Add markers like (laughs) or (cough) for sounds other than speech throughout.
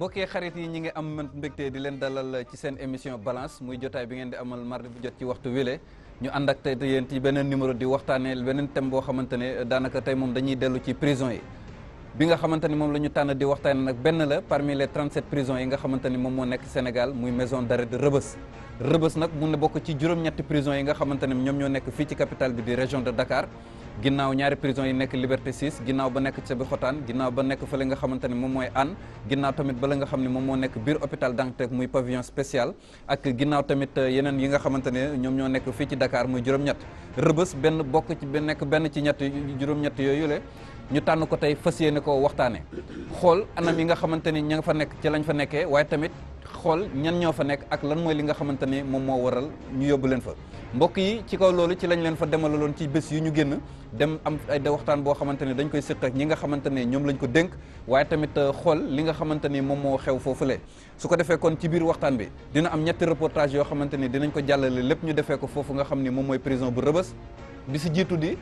mbokkee xarit yi ñi ngi am mbégte di leen dalal ci seen émission balance muy jotaay bi ngeen di amal mardi bu jot ci waxtu wile ñu ànd ak tey yéen ci beneen numéro di waxtaanee beneen thème boo xamante ne daanaka tey moom dañuy dellu ci prison yi bi nga xamante ni moom lañu tànn di waxtaanee nag benn la parmi les 37 prison yi nga xamante ni moom moo nekk Sénégal muy maison d'arrêt de Rebeuss Rebeuss nag mun na bokk ci juróom-ñetti prison yi nga xamante ne ñoom ñoo nekk fii ci capitale bi di région de ginnaaw ñaari prison yi nekk Liberté 6 ginnaaw ba nekk ca bi xotaan ginnaaw ba nekk fële nga xamante ne moom mooy Hann ginnaaw tamit bala nga xam ne moom moo nekk biir hôpital Dantec muy pavillon spécial ak ginnaaw tamit euh, yeneen yi nga xamante ne ñoom ñoo nekk fii ci dakaar muy juróom-ñett Rebeuss benn bokk ci benn nekk benn ci ñett juróom-ñett yooyu le ñu tànn ko tey fas ne ko waxtaane xool anam yi nga xamante ni ña nga fa nekk ci lañ fa nekkee waaye tamit xool ñan ñoo fa nekk ak lan mooy li nga xamante ni moom moo waral ñu yóbbu leen fa mbokk yi ci kaw loolu ci lañ leen fa demalaloon ci bés yu ñu génn dem am ay waxtaan boo xamante ne dañ koy séq ak ñi nga xamante ne ñoom lañ ko dénk waaye tamit euh, xool li nga xamante ni moom moo xew foofu foofule su ko defee kon ci biir waxtaan bi dina am ñetti reportage yoo xamante ni dinañ ko jàllale lépp ñu defee ko foofu nga xam ni moom mooy prison bu rëbës bi si jiitu di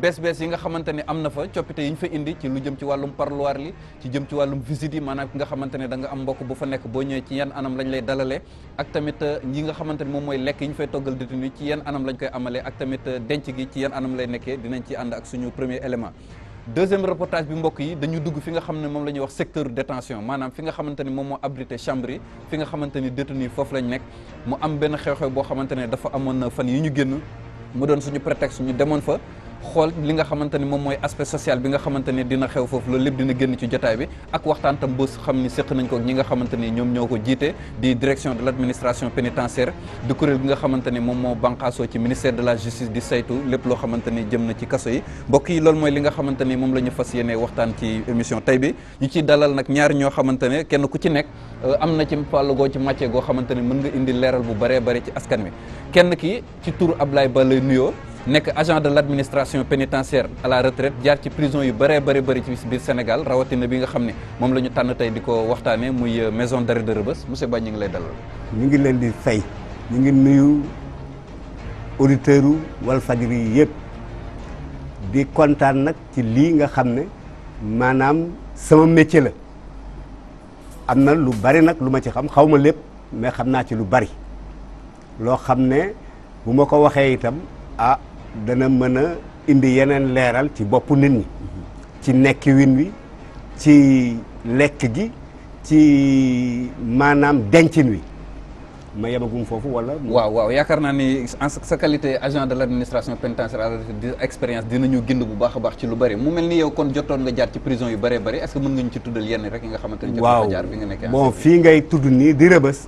bees bees yi nga xamante ne am na fa coppite yi ñu fa indi ci lu jëm ci wàllum parloir li ci jëm ci wàllum visite yi maanaam nga xamante ne da nga am mbokk bu fa nekk boo ñëwee ci yan anam lañ lay dalalee ak tamit euh, ñi nga xamante ne moom mooy lekk yi ñu fay toggal détenu ci yan anam lañ koy amalee tamit euh, denc gi ci yan anam lay nekkee dinañ ci ànd ak suñu premier élément deuxième reportage bi mbokk yi dañu dugg fi nga xam ne moom la ñuy wax secteur détention maanaam fi nga xamante ni moom moo abrité chambre yi fi nga xamante ni détenu foofu lañ nekk mu am benn xew-xew boo xamante ne dafa amoon fan yi ñu génn mu doon suñu prétexte ñu demoon fa xool li nga xamante ne moom mooy aspect social bi nga xamante ne dina xew foofu loolu lépp dina génn ci jotaay bi ak waxtaan tam boo xam ni séq nañ ko ñi nga xamante ni ñoom ñoo ko jiite di direction de l' administration pénitentiaire di kuréel gi nga xamante ni moom moo banqaasoo ci ministère de la justice di saytu lépp loo xamante ni jëm na ci kaso yi mbokk yi loolu mooy li nga xamante ni moom la ñu fas yéene waxtaan ci émission tey bi ñu ciy dalal nag ñaari ñoo xamante ne kenn ku ci nekk euh, am na ci fàll goo ci màcce goo xamante ni mën nga indi leeral bu bëree ci askan wi kenn ki ci tur Ablaye Ba lay nuyoo nekk agent de l' administration pénitentiaire à la retraite jaar ci prison yu bëree bëri bëri ci biir Sénégal rawatina bi nga xam ne moom la ñu tànn tey di ko waxtaanee muy euh, maison dara de Rebeuss monsieur Ba ñu ngi lay dalal. ñu ngi leen di fay ñu ngi nuyu auditeur yu Walfadjri yi yëpp di kontaan nag ci lii nga xam ne maanaam sama métier la am na lu bari nag lu ma ci xam xaw ma lépp mais xam naa ci lu bari loo xam ne bu ma ko waxee itam ah, dana mën a indi yeneen leeral ci boppu nit ñi ci nekki win wi ci lekk gi ci maanaam dencin wi ma yemagum foofu wala. waaw waaw yaakaar naa ni en sa qualité agent de l' administration pénitentiaire di expérience dinañu bu a baax ci lu bëri mu ni yow kon jotoon nga jaar ci prison yu bëree bëri est ce que mën nga ñu ci rek yi nga xamante ne. waaw jaar bi nga nekkee. bon fii ngay tudd nii di rëbës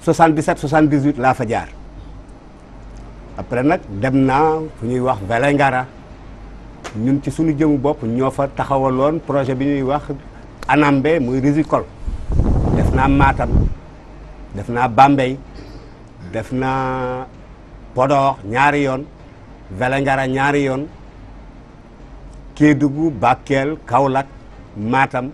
77 78 laa fa jaar. après nag dem naa fu ñuy wax Vélingara ñun ci suñu jëmu bopp ñoo fa taxawaloon projet bi ñuy wax anambe muy risikol def naa Matam def naa Bambey def naa Podor ñaari yoon Vélingara ñaari yoon Kédougou Bakel Kaolack Matam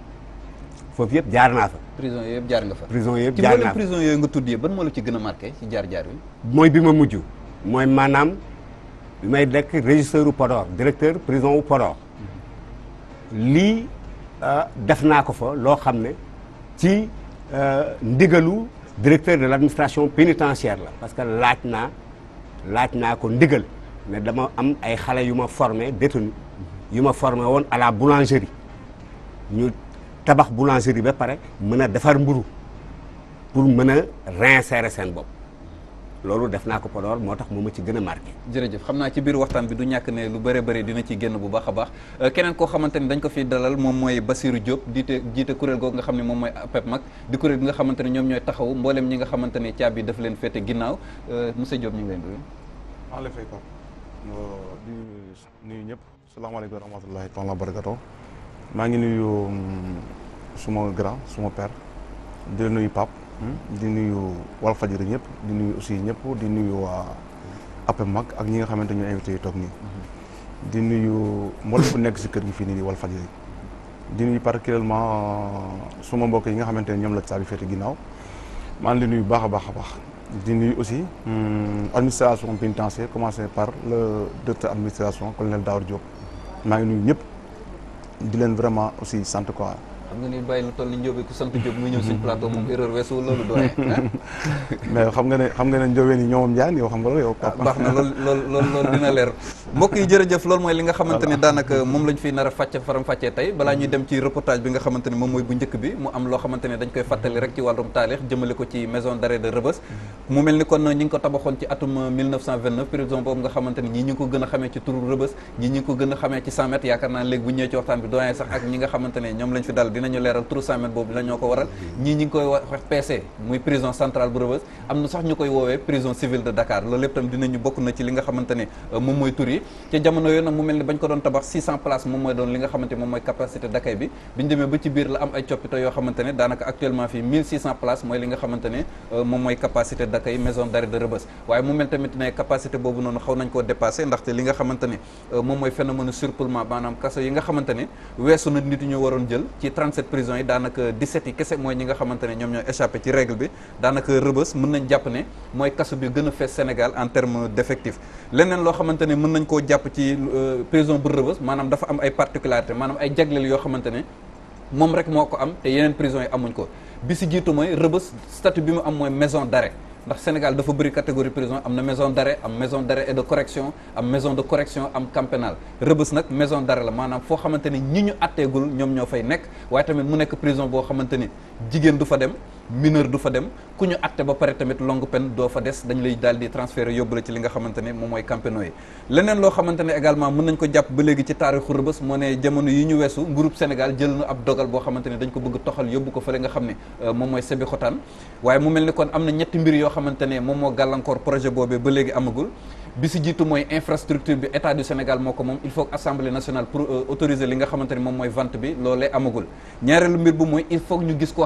foofu yëpp jaar naa fa. prison yëpp jaar nga fa. yëpp jaar naa fa ci prison yooyu ban moo la ci gën a marqué ci jaar-jaar yi. mooy bi ma mujj. mooy maanaam bi may nekk régisseur u Podor directeur prison wu Podor lii euh, def naa ko fa loo xam ne ci euh, ndigalu directeur de l'administration pénitentiaire la parce que laaj naa laaj naa ko ndigal ne dama am ay xale yu ma formé détenu yu ma formé woon à la boulangerie ñu tabax boulangerie ba pare mën a defar mburu pour mën a réinsérer seen bopp loolu def naa ko Podor moo tax moom ma ci gën a marqué jërëjëf xam naa ci biir waxtaan bi du ñàkk ne lu bëre bëri dina ci génn bu baax a baax euh, keneen koo xamante ni dañ ko fi dalal moom mooy Basirou Diop jiite jiite kuréel googu nga xam ne moom mooy PEPMAG di kuréel gi nga xamante ne ñoom ñooy taxaw mbooleem ñi nga xamante ne caab bi daf leen fete ginnaaw euh, monsieur Diop ñu ngi leen di fay Pape euh, di nuyu ñëpp salaamaaleykum wa rahmatullahi taala barakatu maa ngi nuyu mm, suma grand suma père nuyu Pape Hmm? di nuyu Walfadjri ñëpp di nuyu aussi ñëpp di nuyu waa APMAC ak ñi nga xamante ñu invité yi toog nii. Hmm. di nuyu mboolem ku nekk si kër gi fii nii di Walfadjri di nuyu particulièrement euh, suma mbokk yi nga xamante ne ñoom la saa bi féete ginnaaw maa ngi di nuyu baax a baax a baax. di nuyu aussi hmm, administration pénitentiaire commencé par le directeur administration colonel Daour Diop maa ngi nuyu ñëpp di leen vraiment aussi sant quoi. xam nga ni bàyyi lu toll ni njóobee ku sant Jóob muy ñëw suñ plateau moom erreur weesu loolu doole (laughs) xam nga ne xam nga ñoomam jaan yow xam nga loolu yow ah, baax na loolu loolu loolu mhm. ne ko gën a xamee ci turu Rebeuss ñi ñi ko gën a xamee ci 100 mètres yaakaar naa léegi bu ñëwee ci waxtaan bi doyen sax ak ñi nga xamante ñoom lañ fi dal dinañu leeral trou 100 boobu la ko waral ñii ñi ngi koy wax PC muy prison centrale bu Rebeuss am na sax ñu koy woowee prison civile de Dakar loolu lépp euh, euh, tamit ne capacité boobu nañ koo li nga xamante euh, moom mooy phénomène surpoulement maanaam kaso yi nga xamante weesu na nit ñu waroon jël ci 30 27 prison yi daanaka 17 yi kese mooy ñi nga xamante ne ñoom ñoo échappé ci règle bi daanaka rëbës mun nañ jàpp ne mooy kaso bi gën a fees Sénégal en terme d'effectif leneen loo xamante ne mën nañ koo jàpp ci euh, prison bu rëbës maanaam dafa am ay particularité maanaam ay jagleel yoo xamante ne moom rek moo ko am te yeneen prison yi amuñ ko bi si jiitu mooy rëbës statu bi mu am mooy maison d'arrêt ndax Sénégal dafa bëri catégorie prison am na maison d'arrêt am maison d'arrêt et de correction am maison de correction am camp pénal rëbës nag maison d'arrêt la maanaam foo xamante ni ñi ñu àtteegul ñoom ñoo fay nekk waaye tamit mu nekk prison boo xamante ni jigéen du fa dem mineur du fa dem ku ñu atte ba pare tamit longue peine doo fa des dañ lay daal di transférer yóbbu la ci li nga xamante ne moom mooy campeno yi leneen loo xamante ne également mën nañ ko jàpp ba léegi ci taarixu rëbës moo ne jamono yi ñu wesu nguurub Sénégal jël na ab dogal boo xamante ne dañ ko bëgg toxal yóbbu ko fële nga xam ne euh, moom mooy sebi xotaan waaye mu mel ni kon am na ñetti mbir yoo xamante ne moom moo gàllankoor projet boobee ba léegi amagul bi si jiitu mooy infrastructure bi état du Sénégal moo ko moom il faut assemblée nationale pour euh, autoriser li nga xamante moom mooy koo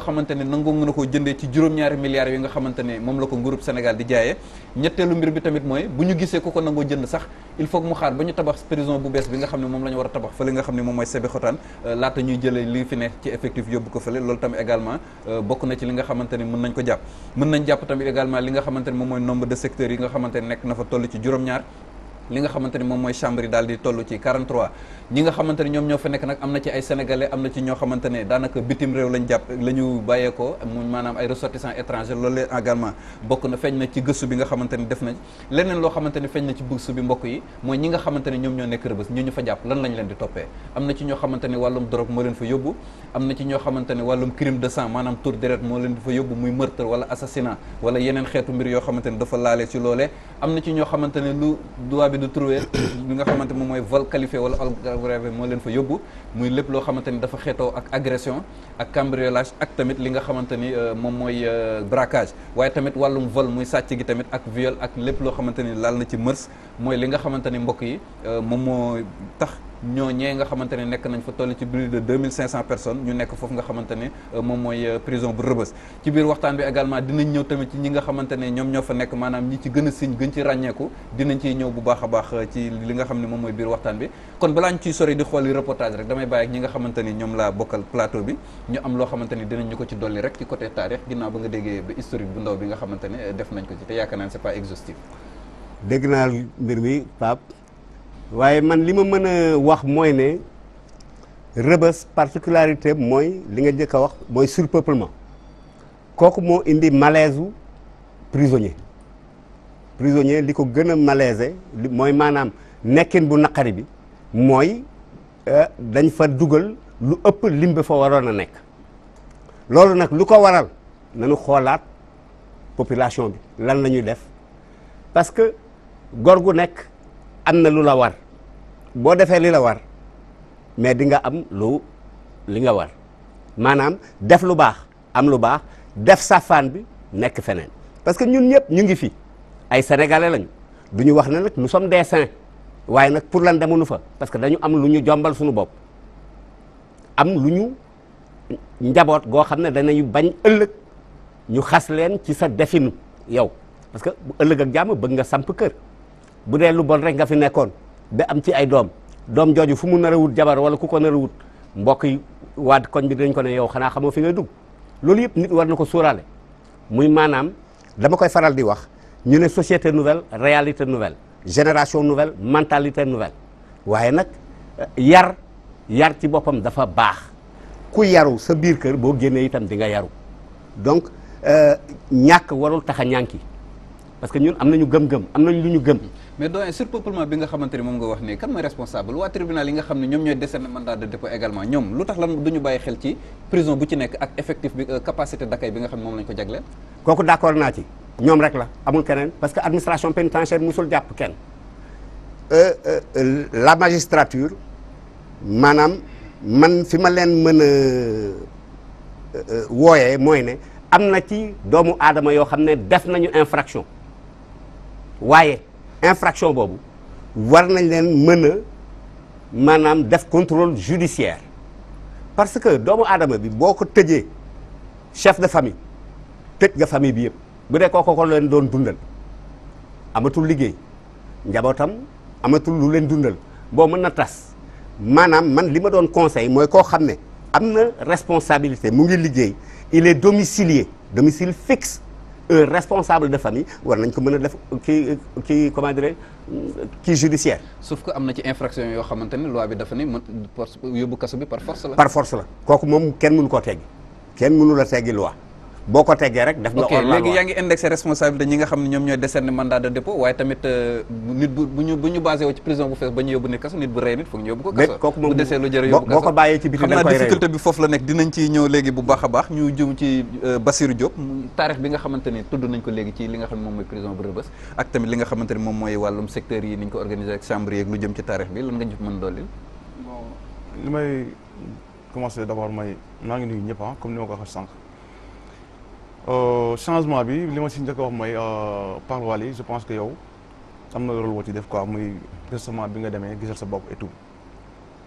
a koo jëndee ci juróom-ñaari milliards yi nga xamante ne moom la ko nguurub Sénégal di jaayee a Sebe Xotaan euh, laata ñuy jëlee li fi ne ci effectif yóbbu ko fële loolu tamit également euh, bokk na ci li nga xamante mën nañ ko jàpp mën nañ jàpp tamit également li nga xamante moom mooy nombre de secteurs yi nga xamante nekk na fa toll ci juróom juróom-ñaar li nga xamante ni moom mooy chambre yi daal di toll ci 43 ñi nga xamante ni ñoom ñoo fa nekk nag am na ci ay sénégalais am na ci ñoo xamante ne daanaka bitim réew lañ jàpp la ñu bàyyeekoo mu ni def nañ leneen loo xamante ni bi du trouver li nga xamante moom mooy vol qualifié wala aggravé moo leen fa yóbbu muy lépp loo xamante ni dafa xeetoo ak agression ak cambriolage ak tamit li nga xamante ni euh, moom mooy euh, braquage waaye tamit wàllum vol muy sàcc gi tamit ak viol ak lépp loo xamante ni laal na ci mërs mooy li nga xamante ni mbokk yi euh, moom moo tax ñooñee nga xamante ne nekk nañ fa toll ci plus de 2500 ñu nekk foofu nga xamante euh, moom mooy euh, prison bu rëbës ci biir waxtaan bi également dinañ ñëw tamit ñi nga xamante ñoom a siñ gën ci ràññeeku dinañ ciy a xam ne moom mooy biir waxtaan bi laa bokkal plateau bi ñu am loo xamante ni dinañ ñu ko ci dolli rek ci côté taarix ginnaaw ba nga déggee ba historique bu ndaw bi nga xamante ne euh, def nañ ko ci te yaakaar c'est pas exhaustif dégg naa mbir mi Pape waaye man li ma mën a wax mooy ne rëbës particularité mooy li nga njëkk a wax mooy surpeuplement kooku moo indi malaise u prisonnier li ko gën a malaise mooy maanaam nekkin bu naqari bi mooy euh, dañ fa dugal lu ëpp lim bi fa waroon a nekk loolu nag lu ko waral nanu xoolaat population bi lan la ñuy def parce que góor gu nekk am na lu la war boo defee li la war mais dinga am lu li nga war maanaam def lu baax am lu baax def safaan bi nekk feneen parce que ñun ñëpp ñu ngi fi ay sénégalais lañu du ñu wax ne nag nous sommes des saints waaye nag pour lan demunu fa parce que dañu am lu ñu jombal suñu bopp am lu ñu njaboot goo xam ne danañu bañ ëllëg ñu xas leen ci sa definu yow parce que bu ëllëg ak jàmm bëgg nga samp kër bu dee lu bon rek nga fi nekkoon ba am ci ay doom doom jooju fu mu nar a wut jabar wala ku ko nar a wut mbokk yi waa koñ bi dañ ko ne yow xanaa xamoo fi ngay dugg loolu yëpp nit war na ko sóoraale muy maanaam dama koy faral di wax ñu ne societé nouvelle réalité nouvelle génération nouvelle mentalité nouvelle waaye nag eh, yar yar ci boppam dafa baax ku yaru sa biir kër boo génnee itam di nga yaru donc eh, ñàkk warul tax a ñànki parce que ñun am nañu gëm-gëm am nañ lu ñu gëm mais doyen surpeuplement bi nga xamante ni moom nga wax ne kan mooy responsable waa tribunal yi nga xam ne ñoom ñooy décerner mandat de dépôt également ñoom lu tax lan duñu bàyyi xel ci prison bu ci nekk ak effectif bi euh, capacité d'accueil bi nga xam ne moom lañ ko jagleel kooku d'accord naa ci ñoom rek la amul keneen parce que administration pénitentiaire musul jàpp kenn euh, euh, la magistrature maanaam man fi ma leen mën a wooyee mooy ne am na ci doomu aadama yoo xam ne def nañu infraction waaye infraction boobu war nañ leen mën a maanaam def contrôle judiciaire parce que doomu aadama bi boo ko tëjee chef de famille tëj nga famille bi yëpp bu dee kooku ko leen doon dundal amatul liggéey njabootam amatul lu leen dundal boo mën na tas maanaam man li ma doon conseil mooy koo xam ne am na responsabilité mu ngi liggéey il est domicilié domicile fixe responsable de famille war nañ ko mën a def kii kii comment dirais kii judiciaire. sauf que am na ci infraction yoo xamante ne loi bi dafa ni mën yóbbu kaso bi par force la. par force la kooku moom kenn munu koo teggi kenn mënu la teggi loi. boo ko tegee rek def nga. or la léegi yaa ngi indexé responsabilité ñi nga xam ne ñoom ñooy décerner mandat de dépôt waaye tamit euh, nit bu bu ñu bu ñu basé woo ci prison ba ñu yóbbu naa euh, bi nga xamante ni tudd nañ ko léegi ci li nga xam ne moom mooy prison bu rëbës moom mooy lu jëm ci taarix bi lan nga ñu mën doolil maa ngi nuyu ñëpp ah, comme ni ma ko wax sànq Euh, changement bi li ma si njëkk a wax mooy euh, Pape Waly je pense que yow am na rôle boo ci def quoi muy récemment bi nga demee gisal sa bopp et tout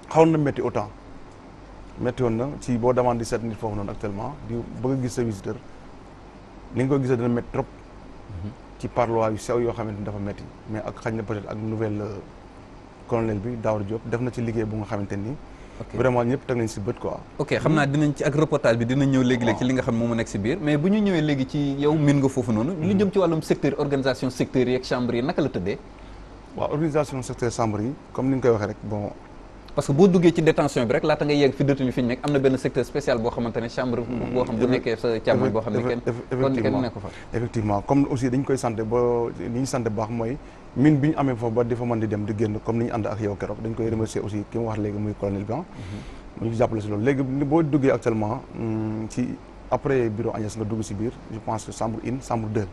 xawoon na métti autant métti woon na ci boo demande di seet nit foofu noonu actuellement di bëgg gis sa visiteur li nga ko gisee dana métti trop. Mhm. ci parloir yu sew yoo xamante ni dafa métti mais ak xañ na peut-être ak nouvelle euh, colonel bi Daouda Diop def na ci liggéey bu nga xamante ni. vraiment ñëpp teg nañ si bët quoi ok xam naa hmm? dinañ ci ak reportage bi dinañ ñëw léegi-léegi ci li nga xam moom a nekk si biir mais bu ñu ñëwee léegi ci yow min nga foofu noonu lu jëm ci wàllum secteur organisation secteur yi ak chambre yi naka la tëddee organisation secteur chambre yi comme ni nga koy waxee rek bon parce que boo duggee ci détention bi rek laata ngay yegg fi détenu fi ñu nekk am na benn secteur spécial boo xamante chambre boo xam bu nekkee sa min bi ñu amee fa ba dafa mën di dem di génn comme ni ñu ànd ak yow keroog dañ koy remercier aussi ki mu wax léegi muy colonel Blanc mhm. mu ñu jàppale si loolu léegi boo duggee actuellement mm, ci après bureau Agnès nga dugg si biir je pense que chambre une chambre deux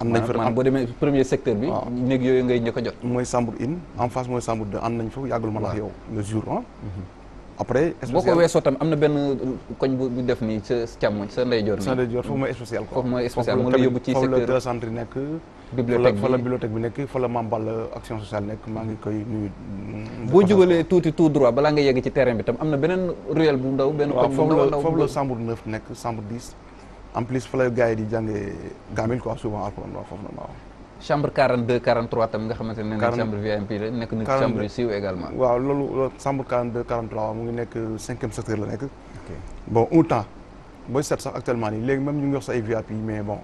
am nañ fa boo demee premier secteur bi néeg yooyu ngay njëkk a jot mooy chambre une en face mooy chambre deux am nañ fa yàggul man ak yow le jour après boo ko weesoo tam am na benn euh, koñ bu def nii sa càmmoñ sa ndeyjoor nii sa ndeyjoor foofu mooy spécial quoi foofu mooy spécial moo la yóbbu ci secteur foofu la centre nekk bibliothèque bi nekk fa la mambal action sociale nekk maa ngi koy nuyu boo jugalee tuuti tout droit balaa nga yegg ci terrain bi tam am na beneen ruelle bu ndaw benn koñ bu ndaw foofu la chambre nekk chambre dix en plus fa la gars yi di jànge gamil quoi souvent alxuraan waaw chambre 42 43 tam nga xamante ne nekk chambre VIP la nekk na chambre yu siiw également waaw loolu loolu chambre 42 43 waaw mu ngi nekk cinquième secteur la nekk bon un booy seet sax actuellement nii léegi même ngi wax sa ay VIP mais bon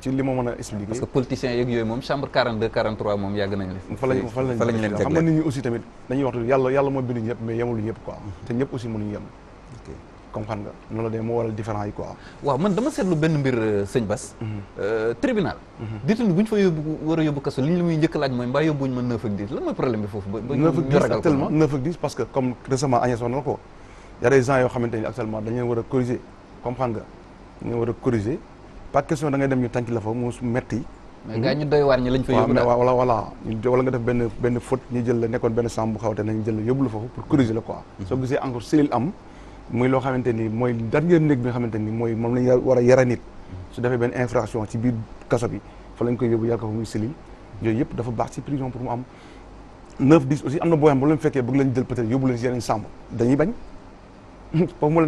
ci li ma mën a parce que politiciens yooyu moom chambre 42 43 moom yàgg nañ leen fa fa lañ leen aussi tamit dañuy wax yàlla yàlla moo bindu ñëpp mais comprendre nga loolu de moo waral différent yi quoi. waaw man dama seetlu benn mbir euh, sëñ Bass. Mhm. Euh, tribunal. Mhm. détenu bu ñu fa yóbbu war a yóbbu kaso li ñu muy njëkk laaj ak mooy problème bi ñu ragal ko 9 parce que comme récemment Agnès wax na ko y a yoo xamante dañu war a corriger comprendre nga dañu war dem ñu tànc la fa mu metti mais gars ñu doy waar ñi lañ fa yóbbu la foofu pour corriger la quoi mhm. soo gisee encore selil am muy loo xamante ni mooy dernier néeg bi nga xamante ni mooy moom lañ war a yara nit su defee benn infraction ci biir kaso bi fa koy yóbbu yàlla ko fa muy selil yooyu yëpp dafa baax ci prison pour mu am neuf dix aussi am na boo xam bu leen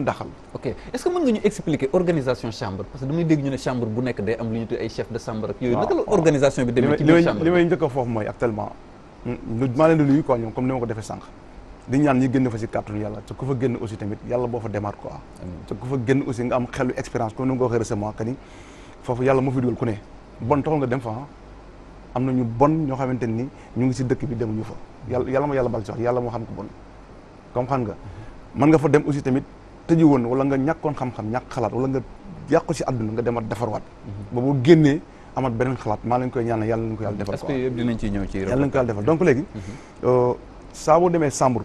daxal (laughs) am lu ñu tuddee ay chef de chambre yooyu naka la organisation bi demee ci biir li may njëkk a foofu mooy actuellement mm, maa leen di nuyu quoi ñoom comme ni ma ko defee sànq di ñaan ñi génn fa si kàttanu yàlla te ku fa génn aussi tamit yàlla boo fa demaat quoi te ku fa génn aussi nga am xelu expérience comme ni nga ko waxee récemment ni nga dem am na ñu bon ñoo xamante ni ñu ngi si dëkk bi demuñu fa yàlla yàlla ma yàlla bal sox yàlla moo xam ko bon comme xam nga mën nga fa dem aussi tamit tëju woon wala nga ñàkkoon xam-xam ñàkk xalaat wala nga yàqu si àdduna nga demaat defarwaat mhm. ba boo génnee amat beneen xalaat maa leen koy ñaan yàlla nañu ko yàlla defal yàlla nañu ko yàlla defal donc léegi mhm. euh, saa demee chambre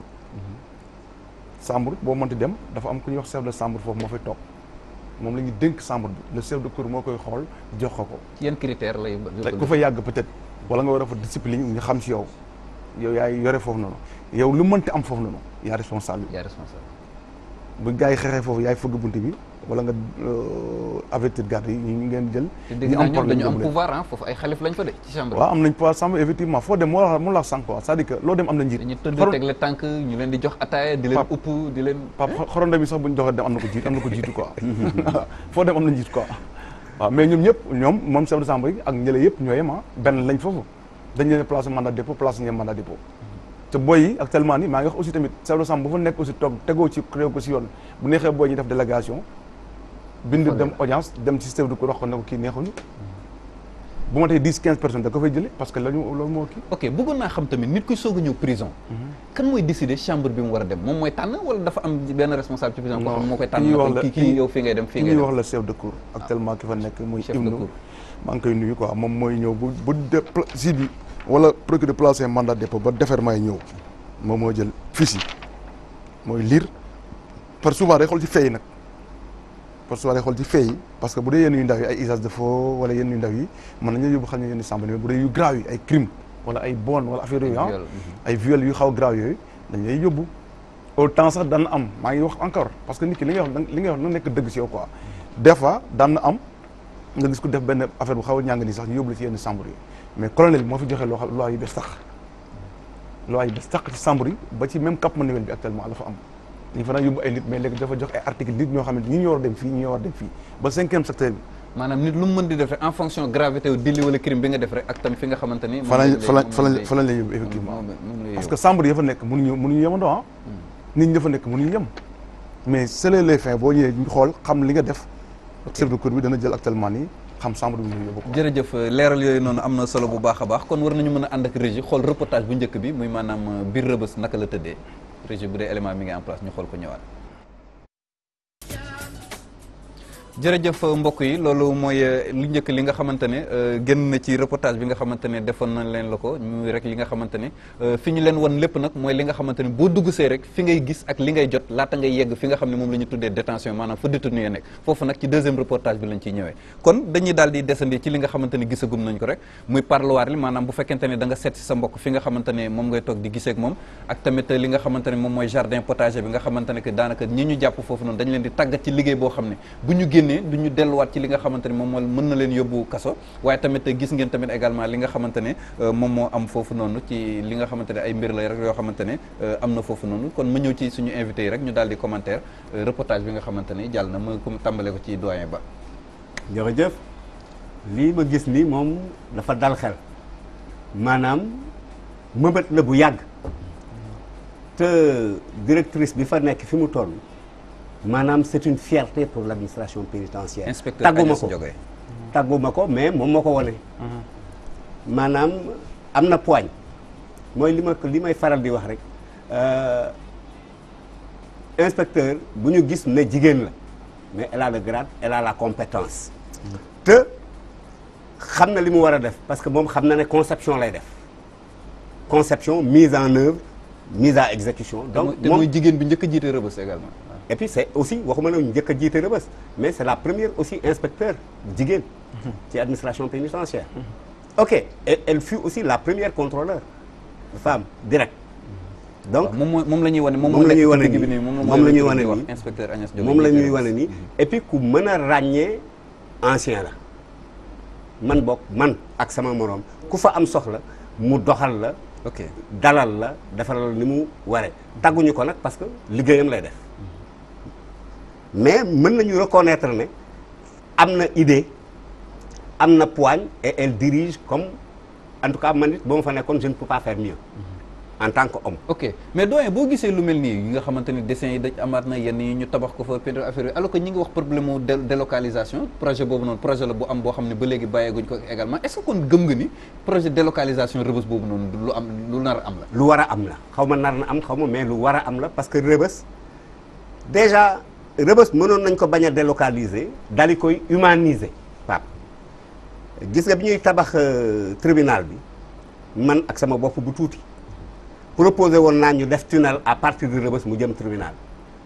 chambre boo mënti dem dafa am ku ñuy wax chef de chambre foofu moo fay toog moom la ñuy dénk chambre bi le chef de cour moo koy xool jox ko ko. yan critère lay ku fa yàgg peut-être wala nga war a fa discipline ñu xam si yow yow yaay yore foofu noonu yow lu mënti am foofu noonu yaa responsable. yaa responsable bu gars yi xeexee foofu yaay fëgg bunt bi. wala nga euh, avertir garde yi ñu ngeen jël. ñu am problème dañu am pouvoir ah foofu ay xalif lañ fa de ci chambre. waaw am nañ pouvoir chambre effectivement foo dem moo la moo la sànq dem am na ko jiit am na ko jiitu quoi (laughs) foo dem am na njiit quoi waaw mais ñoom ñëpp ñoom moom chef de chambre yi ak ñële yëpp ñooy yem ah. benn lañ foofu dañ leen placé mandat dépôt placé ngeen mandat dépôt te booy yi actuellement ni maa ngi aussi tamit chef de chambre bu fa nekk aussi toog tegoo ci créé ko si yoon bu neexee bind dem audience dem ci chef de cour wax ko ne ko kii neexuñu bu ma tey dix quinze personnes da ko fay jëlee parce que lañu loolu moo kii ok bëggoon naa xam tamit nit kuy soog a ñëw prison mhm. kan mooy décider chambre bi mu war a dem moom mooy tànn wala dafa am benn responsable ci prison boo xam moo koy tànn na ko kii ngay dem fi ngay dem wax la chef de cour actuellement ki fa nekk ah, muy ibnu maa ngi koy nuyu quoi moom mooy ñëw bu bu de si bi wala procureur placé mandat dépôt ba defer may ñëw moom moo jël fiche yi mooy lire par souvent day xool nag parce que war a xool ci fee yi parce que bu dee yenn yu ndaw yi ay usage de faux wala yenn yu ndaw yi mën nañu yóbbu xam ne yenn sàmbali mais bu dee yu grave yi ay crime wala ay bonne wala ah, mhm. ay viol yu am maa ngi wax encore parce que nit ki li nga li nga wax na nekk dëgg si yow am nga gis benn affaire bu xaw a ñàng nii sax ñu yóbbu ci yenn chambre yi mais colonel bi loo xam loi yu bees ba ci même Cap Manuel bi actuellement la fa am dañu fa daan yóbbu ay nit mais léegi dafa jox ay article nit ñoo xamante ñi ñoo war dem fii ñi ñoo war dem fii ba cinquième secteur bi maanaam nit lu mu mën di def rek en fonction gravité wu délit fa lañ fa lañ fa lañ lay yóbbu fa nekk mënuñu mënuñu yemandoo ah hmm. nit ñi dafa nekk mënuñu mais selon les boo ñëwee xool xam li nga def chef de cour bi dana jël actuellement nii xam chambre ñu yóbbu jërëjëf leeral noonu am na solo bu baax a baax kon war nañu mën a ànd ak régie xool reportage bu njëkk bi muy maanaam euh, biir rëbës naka la tëddee rejet bu dee élément mi ngi en place ñu xool ko ñëwaat. jërëjëf mbokk yi loolu mooy euh, li njëkk li nga xamante ne euh, génn na ci reportage bi nga xamante ne defoon nañ leen la ko muy rek li nga xamante ne euh, fi ñu leen wan lépp nag mooy li nga xamante ne boo dugg see rek fi ngay gis ak li ngay jot laata ngay yegg fi nga xam ne moom la ñu tuddee détention maanaam fa détenu yi nekk foofu nag ci deuxième reportage bi lañ ciy ñëwee li nga xamante ne gisagum nañ ko rek muy parloir li maanaam bu fekkente ne da nga seet si sa fi nga xamante ne moom ngay toog di giseek moom ak tamit li nga xamante ne moom mooy jardin potager bi nga xamante ne que daanaka ñi ñu jàpp foofu noonu dañ leen di tàggat ci liggéey boo xam ne bu ñu génn génnee du ñu delluwaat ci li nga xamante ne moom moo mën na leen yóbbu kaso waaye tamit gis ngeen tamit également li nga xamante ne euh, moom moo am foofu noonu ci li nga xamante ne ay mbir la rek yoo xamante ne euh, am na foofu noonu kon ma ñëw ci suñu invité yi rek ñu daal di commentaire euh, reportage bi nga xamante ne jàll na ma tàmbale ko ci doyen ba jërëjëf lii ma gis ni moom dafa dal xel maanaam mëbët la bu yàgg te directrice bi fa nekk fi mu toll maanaam c'est une fierté pour l'administration pénitentiaire tagguma ko tagguma ko mais moom moo ko wane maanaam am na poigne mooy li ma li may faral di wax rek euh, inspecteur bu ñu gis ne jigéen la mais elle a le grade elle la compétence te xam na li mu war a def parce que moom xam na ne conception lay def conception mise en œuvre mise à exécution donc moom mooy jigéen bi njëkk a jiite Rebeuss également et puis c'est aussi waxuma la njëkk a jiite rëbës mais c'est la première aussi inspecteur jigéen ci administration pénitentiaire mm-hmm. ok et elle fut aussi la première contrôleur femme direct mm-hmm. donc moom moom la ñuy wane moom la ñuy wane nii moom la ñuy wane nii inspecteur Agnès Diop moom la ñuy wane nii mm-hmm. et puis ku mën a ràññee ancien la man bokk man ak sama moroom ku fa am soxla mu doxal la ok dalal la defaral ni mu waree tàgguñu ko nag parce que liggéeyam lay def mais mën nañu reconnaître ne am na idée am na poigne et elle dirige comme en tout cas man it ba fa nekkoon je ne peux pas faire mm-hmm. en tant que homme. ok mais doyen boo gisee lu mel nii yi nga xamante ni dessin yi daj amaat na yenn yi ñu tabax ko fa peinture affaire yi alors ñi ngi wax problème mu délocalisation projet boobu noonu projet la bu am boo xam ne ba léegi bàyyeeguñ ko également est-ce que kon gëm nga ni projet délocalisation Rebeuss boobu noonu lu am lu nar a am lu war a am la xaw ma nar na am xaw mais lu war a am la parce que Rebeuss rëbës mënoon nañ ko bañ a délocaliser dali koy humaniser waaw gis nga bi ñuy tabax euh, tribunal bi man ak sama bopp bu tuuti proposé woon naa ñu def tunnel à partir de rëbës mu jëm tribinal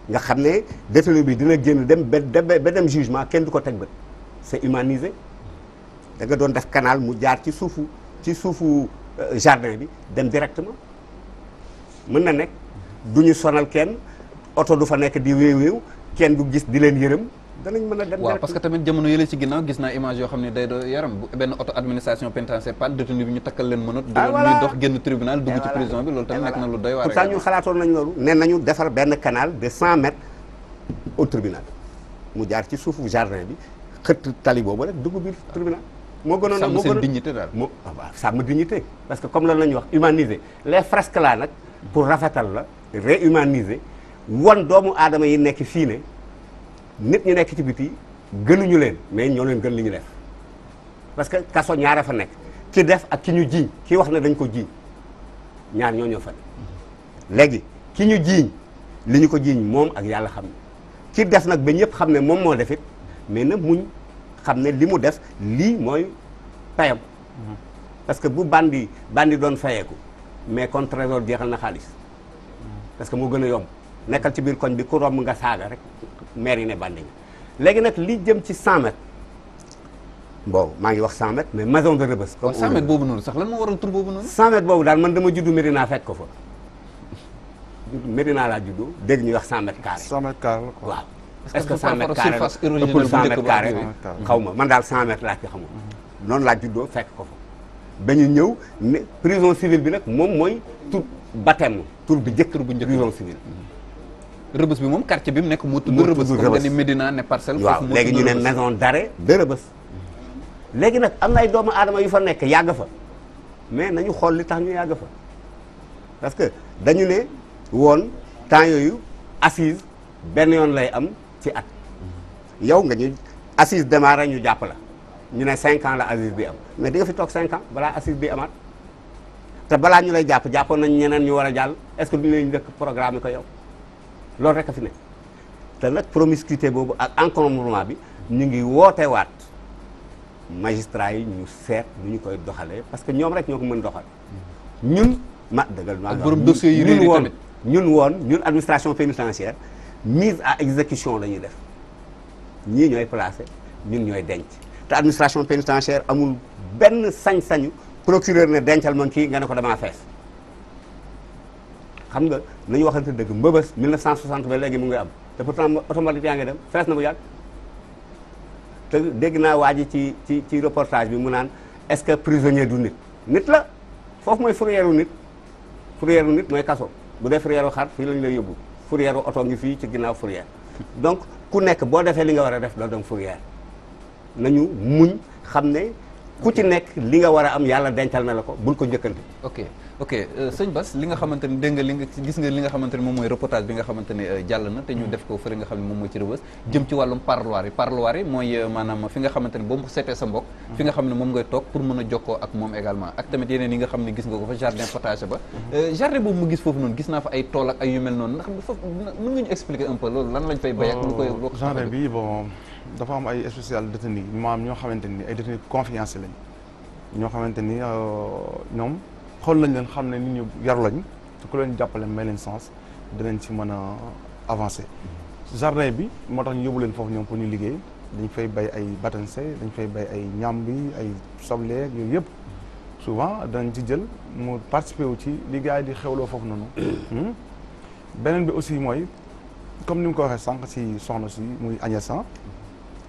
nga xam ne détenu bi dina génn dem ba ba dem jugement kenn du ko teg bët c'est humanisé danga doon def canal mu jaar ci suufu ci suufu euh, jardin bi dem directement mën na nekk du ñu sonal kenn oto du fa nekk di wéew wéew kenn du gis di leen yërëm danañ mën a dem waaw parce que tamit jamono yële ci ginnaaw gis naa image yoo xam ne day doo yaram benn auto administration pénitentiaire pan détenu bi ñu takkal leen mënut ñuy ah, dox génn tribunal dugg eh, ci prison bi loolu tamit eh, nekk na lu doy waar pourtant ñu benn canal de 100 mètres au tribunal mu jaar ci suufu jardin bi xëtt tali boobu rek dugg bi tribunal moo gënoon a moo gënoon sàmm seen dignité daal moo ah, waaw sàmm parce que comme loolu la ñuy wax humaniser les fresques là nag pour rafetal la réhumaniser wan doomu aadama yi nekk fii ne nit ñu nekk ci biti gënuñu leen mais ñoo leen gën li ñu def parce que kaso ñaara fa nekk ci def ak ki ñu jiiñ ki wax ne dañ ko jiiñ ñaar ñoo ñoo fa ne léegi ki ñu jiiñ li ñu ko jiiñ moom ak yàlla xam ne ci def nag ba ñëpp xam ne moom moo defit mais nag muñ xam ne li mu def lii mooy payam parce que bu bandi bandi doon fayeeku mais kon jeexal na xaalis parce que moo gën a yomb nekkal ci biir koñ bi ku romb nga saaga rek maire yi ne bandi nga léegi nag lii jëm ci 100 mètres maa ngi wax 100 mètres mais maison de Rebeuss. comme 100 mètres boobu noonu sax lan moo waral tur boobu noonu. 100 mètres boobu daal man dama juddu Médina fekk ko fa Médina laa juddu dégg ñuy wax 100 mètres carré. 100 que 100 mètres carré la ëppul 100 mètres xaw ma man daal 100 laa ci xamul. Mm-hmm. noonu laa juddoo fekk ko fo ba ñëw ne prison civile bi nag moom mooy tur baptême tur bi njëkk. tur bu njëkk prison civile. rëbës bi moom quartier bi mu nekk moo tudd rëbës comme nga ni ñu ne maison d'arrêt de rëbës nag am ay doomu aadama yu fa nekk yàgg fa mais nañu xool li tax yàgg fa parce que dañu ne woon temps yooyu assise benn yoon lay am ci at yow nga ñu assise démarré ñu jàpp ñu ne cinq la assise bi am mais di nga fi toog cinq balaa assise bi amaat te balaa ñu lay jàpp jàppoon ñeneen ñu war a jàll est-ce que dëkk programme ko yow loolu rek fi ne te nag promiscuité boobu ak encombrement bi ñu ngi woote waat magistrat yi ñu seet nu ñu koy doxalee parce que ñoom rek ñoo ko mën doxal ñun ma dëggal ma borom dossier yi ñun woon ñun woon ñun administration pénitentiaire mise à execution la ñuy def ñii ñooy placé ñun ñooy denc te administration pénitentiaire amul benn sañ-sañu procureur ne dencal man kii nga ne ko damaa fees xam nga nañu waxante dëgg mbëbës 1960 ba léegi mu ngi am te pourtant automatique yaa ngi dem fees na bu yàgg te dégg naa waa ji ci ci ci reportage bi mu naan est-ce que prisonnier du nit nit la foofu mooy fourrière nit fourrière nit mooy kaso bu dee fourrière xar fii lañu lay yóbbu fourrière oto ngi fii ci ginnaaw fourrière donc ku nekk boo defee li nga war a def doo dem fourrière nañu muñ xam ne ku ci nekk li nga war a am yàlla dencal na la ko bul ko njëkkante ok ok euh, sëñ Bas li nga xamante ne dégg nga li nga gis nga li nga xamante ne moom mooy reportage bi nga xamante ne euh, jàll na te ñu mm. def ko fële nga xam ne moom mooy ci rëbës jëm ci wàllum parloir yi parloir yi mooy euh, maanaam ne boo mu seetee sa mbokk mm. fi nga moom a jokkoo ak moom également ak tamit yeneen yi nga xam ne gis nga ko fa jardin potager ba mm-hmm. jardin mu gis foofu noonu gis naa fa ay tool ak ay yu mel noonu ndax foofu mën nga ñu expliquer un peu loolu lan lañ am ñoo xamante ni ay détenu confiance lañ ñoo xamante ni ñoom xool nañ leen xam ne nit ñu yar lañ te ku leen jàppale may leen sens dinañ ci mën a avancer jardin bi moo tax ñu yóbbu leen foofu ñoom pour ñu liggéey dañ fay bay ay batanse dañ fay bay ay ñambi ay soble ak yooyu yëpp souvent danañ ci jël mu participer wu ci li gars yi di xewloo foofu noonu hmm? beneen bi aussi mooy comme ni mu ko waxee sànq si soxna si muy san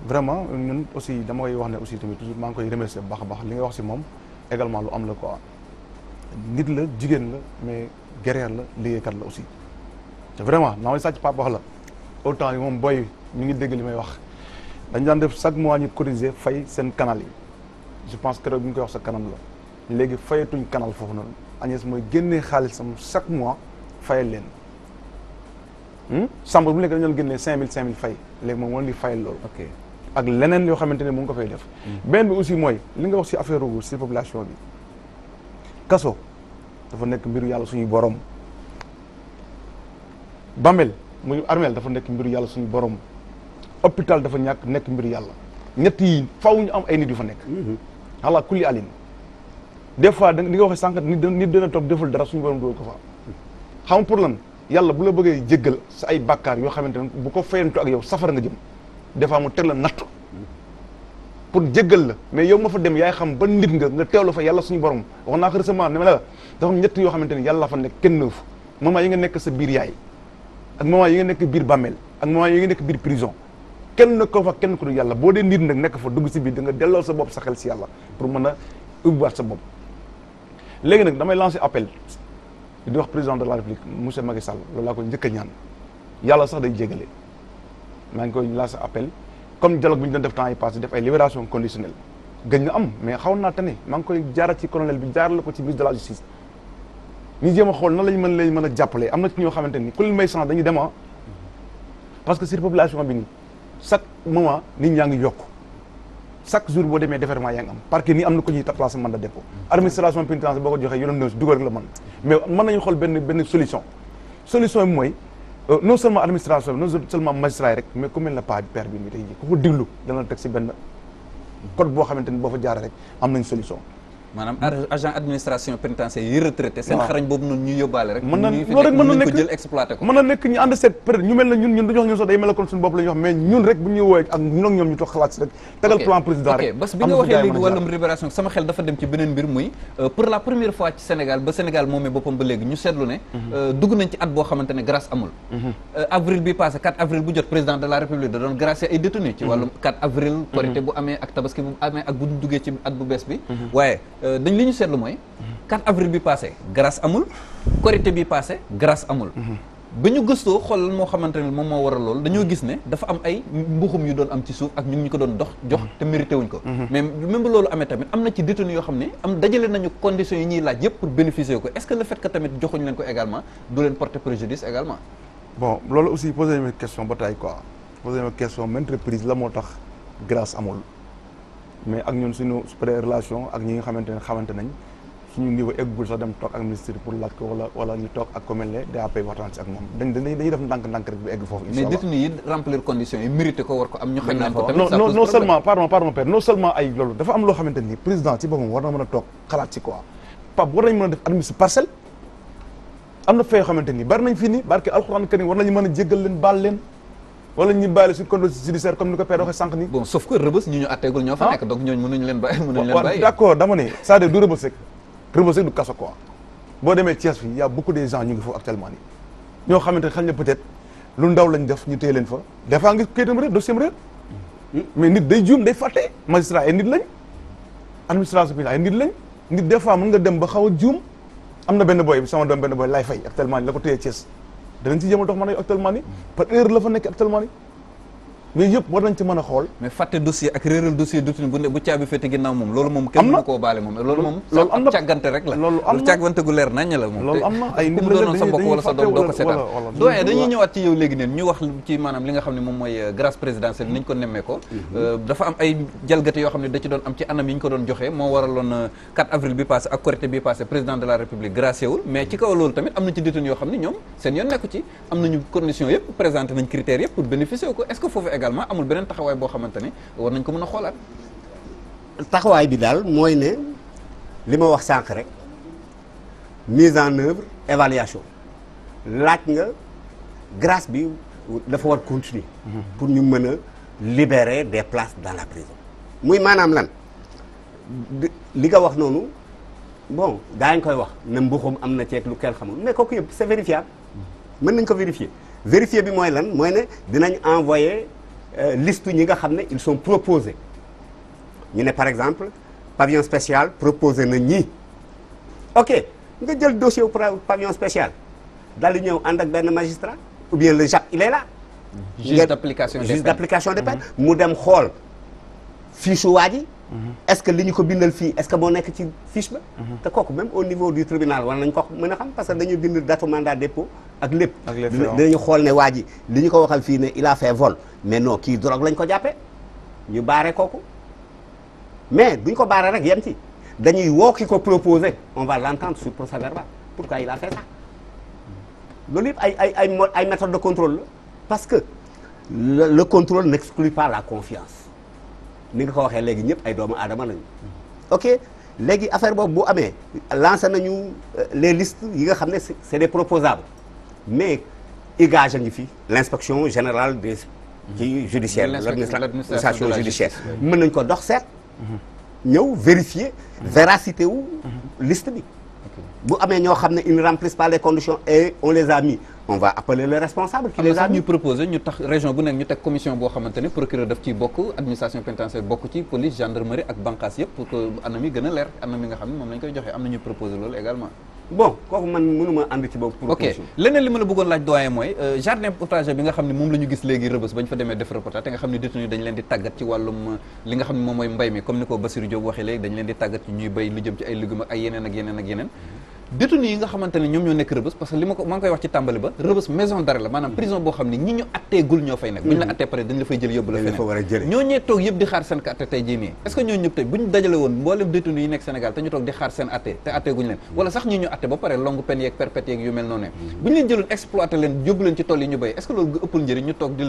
vraiment ñun aussi dama koy wax ne aussi tamit toujours maa ngi koy remercier bu baax a baax li wax si moom également lu am la quoi nit la jigéen la mais guerrière la liggéeykat la aussi te vraiment naa may sàcc Pape wax la au temps yi moom booy mi ngi dégg li may wax dañ daan def chaque mois ñu cotiser fay seen canal yi je pense que bi ñu koy wax sa kanam la léegi fayatuñ canal foofu noonu Agnès mooy génnee xaalisam chaque mois fayal leen chambre hmm? bu nekk dañu doon génnee cinq mille cinq mille fay léegi moom moo di fayal loolu ak leneen yoo xamante ne mu ngi ko fay def hmm. benn bi aussi mooy li nga wax si affaire wu si population bi kaso dafa nekk mbiru yàlla suñu borom bàmmeel muy armeel dafa nekk mbiru yàlla suñu borom hôpital dafa ñàkk nekk mbiru yàlla ñett yi faw am ay nit yu fa nekk mm-hmm. ala kulli alin des fois da nga waxee sànq nit nit dana toog deful dara suñu borom dugal ko fa xam pour lan yàlla bu la bëggee jéggal sa ay bàkkaar yoo xamante ne bu ko fayantu ak yow safara nga jëm des mu teg la nattu pour jéggal la mais yow ma fa dem yaay xam ba nit nga nga teewlu fa yàlla suñu borom wax naa ko récemment ne ma la dafa am ñett yoo xamante ni yàlla fa nekk kenn nëfu moment yi nga nekk sa biir yaay ak moment yi nga nekk biir bàmmeel ak moment yi nga nekk biir prison kenn na ko fa kenn ku dul yàlla boo dee nit nag nekk fa dugg si biir da nga delloo sa bopp sa xel si yàlla pour ma a ubbiwaat sa bopp léegi nag damay lancer appel di wax président de la république monsieur Macky Sall loolu ko njëkk ñaan yàlla sax day jégale maa ngi koy lancer appel comme dialogue bi ñu doon def temps yi passé def ay libération conditionnelle gëj na am mais xaw naa tane maa koy jaara ci colonel bi jaarale ko ci ministre de la justice ñu jéem a xool nan lañ mën lañ mën a jàppale am na ci ñoo xamante ni ku leen may chance dañuy dem ah. parce que surpopulation bi nii chaque moment nit ñaa ngi yokk chaque jour boo demee déferment yaa ngi am parce que nii am na ko ñuy placé mandat dépôt administration pénitentiaire boo ko joxee yoonam néew si dugal rek la mën mais xool benn benn solution solution bi mooy Euh, non seulement administration bi non seulement magistrat yi rek mais ku mel ne paa père bi nii tey jii ku ko diglu dana teg si benn code boo xamante ni boo fa jaaree rek am nañ solution maanaam agent administration pénitentiaire yi retraité seen xarañ boobu noonu ñu yóbbaale rek mën na loolu rek mën na nekk ko jël exploité ko mën na nekk ñu ànd seet peut-être mel na ñun ñun dañu wax ñun sax day mel kon suñu bopp la ñu ñu seetlu ne mhm. euh, dugg nañ ci at boo xamante ne amul mhm. euh, avril bi passé 4 avril bu jot président de la république da doon gracier ay détenus ci mhm. wàllum 4 avril korité bu amee ak tabaski bu amee ak bu duggee ci at bu bees bi waaye Euh, dañ li ñu seetlu mooy 4 avril bi passé grâce amul korité bi passé grâce amul mhm. ba ñu gëstoo xool lan moo xamante ne moom moo waral loolu dañoo gis ne dafa am ay mbuxum yu doon am ci suuf ak ñu ñu ko doon dox jox mhm. te mérité wuñ ko mhm. mais même loolu amee tamit am na ci détenu yoo xam ne am dajale nañu conditions yi ñuy laaj yëpp pour bénéficier ko est-ce que le fait que tamit joxuñ leen ko également du leen porter préjudice également bon loolu aussi posé nañu question ba la moo tax grâce amul mais ak ñun suñu pré relation ak ñi nga xamante ne xamante nañ suñu niveau eggul sax dem toog ak pour laaj ko ñu toog ak ku mel am ñu xañ leen ko tamit non non seulement pardon pardon dafa am loo xamante ni président ci boppam war na mën a toog xalaat si quoi Pape war nañ mën a def administre parcelle am na fee yoo bari nañ fii ni barke alxuraan karim war nañu mën a jéggal leen wala ñu bàyyi suñu contrôle judiciaire comme ni ko père waxee sànq ni bon sauf que rëbës ñi ñu atteegul ñoo fa ah. nekk donc ñooñu mënuñu leen bàyyi mënuñu leen bàyyi d'accord dama ne c'est-à-dire du rëbës rek rëbës rek du kaso quoi boo de gens ñu ngi foofu actuellement nii ñoo xamante ne xam ne peut-être lu def fois nga dem ba xaw a juum na benn boy bi sama doom benn boy la ko téye Thiès danañ ci jéem a dox man actuellement ni par erreur la fa nekk actuellement ni mais yëpp war nañ ci mën a xool mais fàtte dossier ak réeral dossier dutin bu ne bu caabi féete ginnaaw moom loolu moom kenn mënu koo baale moom loolu moom loolu am na càggante rek la loolu càggante gu leer nañ la moom loolu am na ay mu doonoon sa mbokk wala sa doom doo ko seetaan doyen dañuy ñëwaat ci yow léegi neen ñu wax ci maanaam li nga xam ne moom mooy euh, grâce présidentielle niñ ko nemmee ko mhm. euh, dafa am ay jalgati yoo xam ne da ci doon am ci anam yi ñu ko doon joxee moo waraloon 4 euh, avril bi passé ak Korité bi passé président de la république gracié wul mais ci kaw loolu tamit am na ci détenu yoo xam ne ñoom seen yoon nekku ci am nañu condition yëpp présenté nañ critères yëpp pour bénéficier ko est-ce que foofu également amul beneen taxawaay boo xamante ne war nañ ko mën a xoolaat. taxawaay bi daal mooy ne li ma wax sànq rek mise en œuvre évaluation laaj nga grâce bi dafa war continuer pour ñu mën a libérer des places dans la prison muy maanaam lan li nga wax noonu bon gaa ngi koy wax ne mbuxum am na ceeg lu kenn xamul mais kooku yëpp c'est vérifiable mën nañ ko vérifier vérifier bi mooy lan mooy ne dinañ envoyer Euh, liste ñi nga xam ne ils sont proposé ñu ne par exemple pavillon spécial proposé na ñii ok nga jël dossier au pavillon spécial daal di ñëw ànd ak benn magistrat ou bien le Jacques il est là. juge d'application des peines mm-hmm. mu dem xool fiche waa ji mm-hmm. que li ñu ko bindal fii est-ce que moo nekk ci fiche ba. Mm-hmm. te kooku même au niveau du tribunal war nañ ko mën a xam parce que dañu bind datu mandat dépôt ak lépp. ak lépp xool ne waa ji li ñu ko waxal fii ne il a fait vol. mais non kii drogue lañ ko jàppe ñu baare kooku mais duñ ko baare rek yem ci dañuy woo ki ko proposé on va l'entendre sur procès-verbal pourquoi il a fait ça loolu yëpp ay ay ay ay méthode de contrôle la parce que le, le contrôle n'exclut pas la confiance ni nga ko waxee léegi ñëpp ay doomu aadama lañu ok léegi affaire boobu bu amee na ñu euh, les listes yi nga xam ne c'est des proposables mais IGAJ a ngi fi l'inspection générale des ci judiciaire l'administration judiciaire mën nañ ko dox seet ñëw vérifier véracité wu liste bi bu amee ñoo xam ne ils ne remplissent les conditions et on les a mis on va appeler le responsable qui les a mis ñu proposé ñu tax région bu nekk ñu teg commission boo xamante procureur daf ciy bokk administration pénitentiaire bokk ci police gendarmerie ak bànqaas yëpp pour gën a leer anam nga xam ne moom lañ koy joxe am na ñu proposé loolu également bon kooku man mënuma ànd ci boobu. pour ok leneen li ma la bëggoon laaj doyen mooy euh, jardin potager bi nga xam ne moom la ñu gis léegi rëbës ba ñu fa demee def reportage te nga xam ne détenu dañ leen di tàggat ci wàllum euh, li nga xam ne moom mooy mbay mi comme ni ko Bassirou Diop waxee léegi dañ leen di tàggat ci ñuy bay lu jëm ci ay légumes ak ay yeneen ak yeneen ak yeneen détenus yi nga xamante ne ñoom ñoo nekk rëbës parce que li ma ko maa koy wax ci tàmbali ba rëbës maison d'arrêt la maanaam mm-hmm. prison boo xam ne ñi ñu atteegul ñoo fay nekk bu ñu la mm-hmm. attee pare dañ la fay jël yóbbu la feneen ñoo ñee toog yëpp di xaar seen atte tey te ñu toog leen wala sax ñi ñu atte ba pare longue peine yeeg perpète yu mel noonu mm-hmm. bu ñu leen jëloon exploité leen yóbbu leen ci tool yi ñu béy est-ce que loolu ëppul njëriñ ñu toog di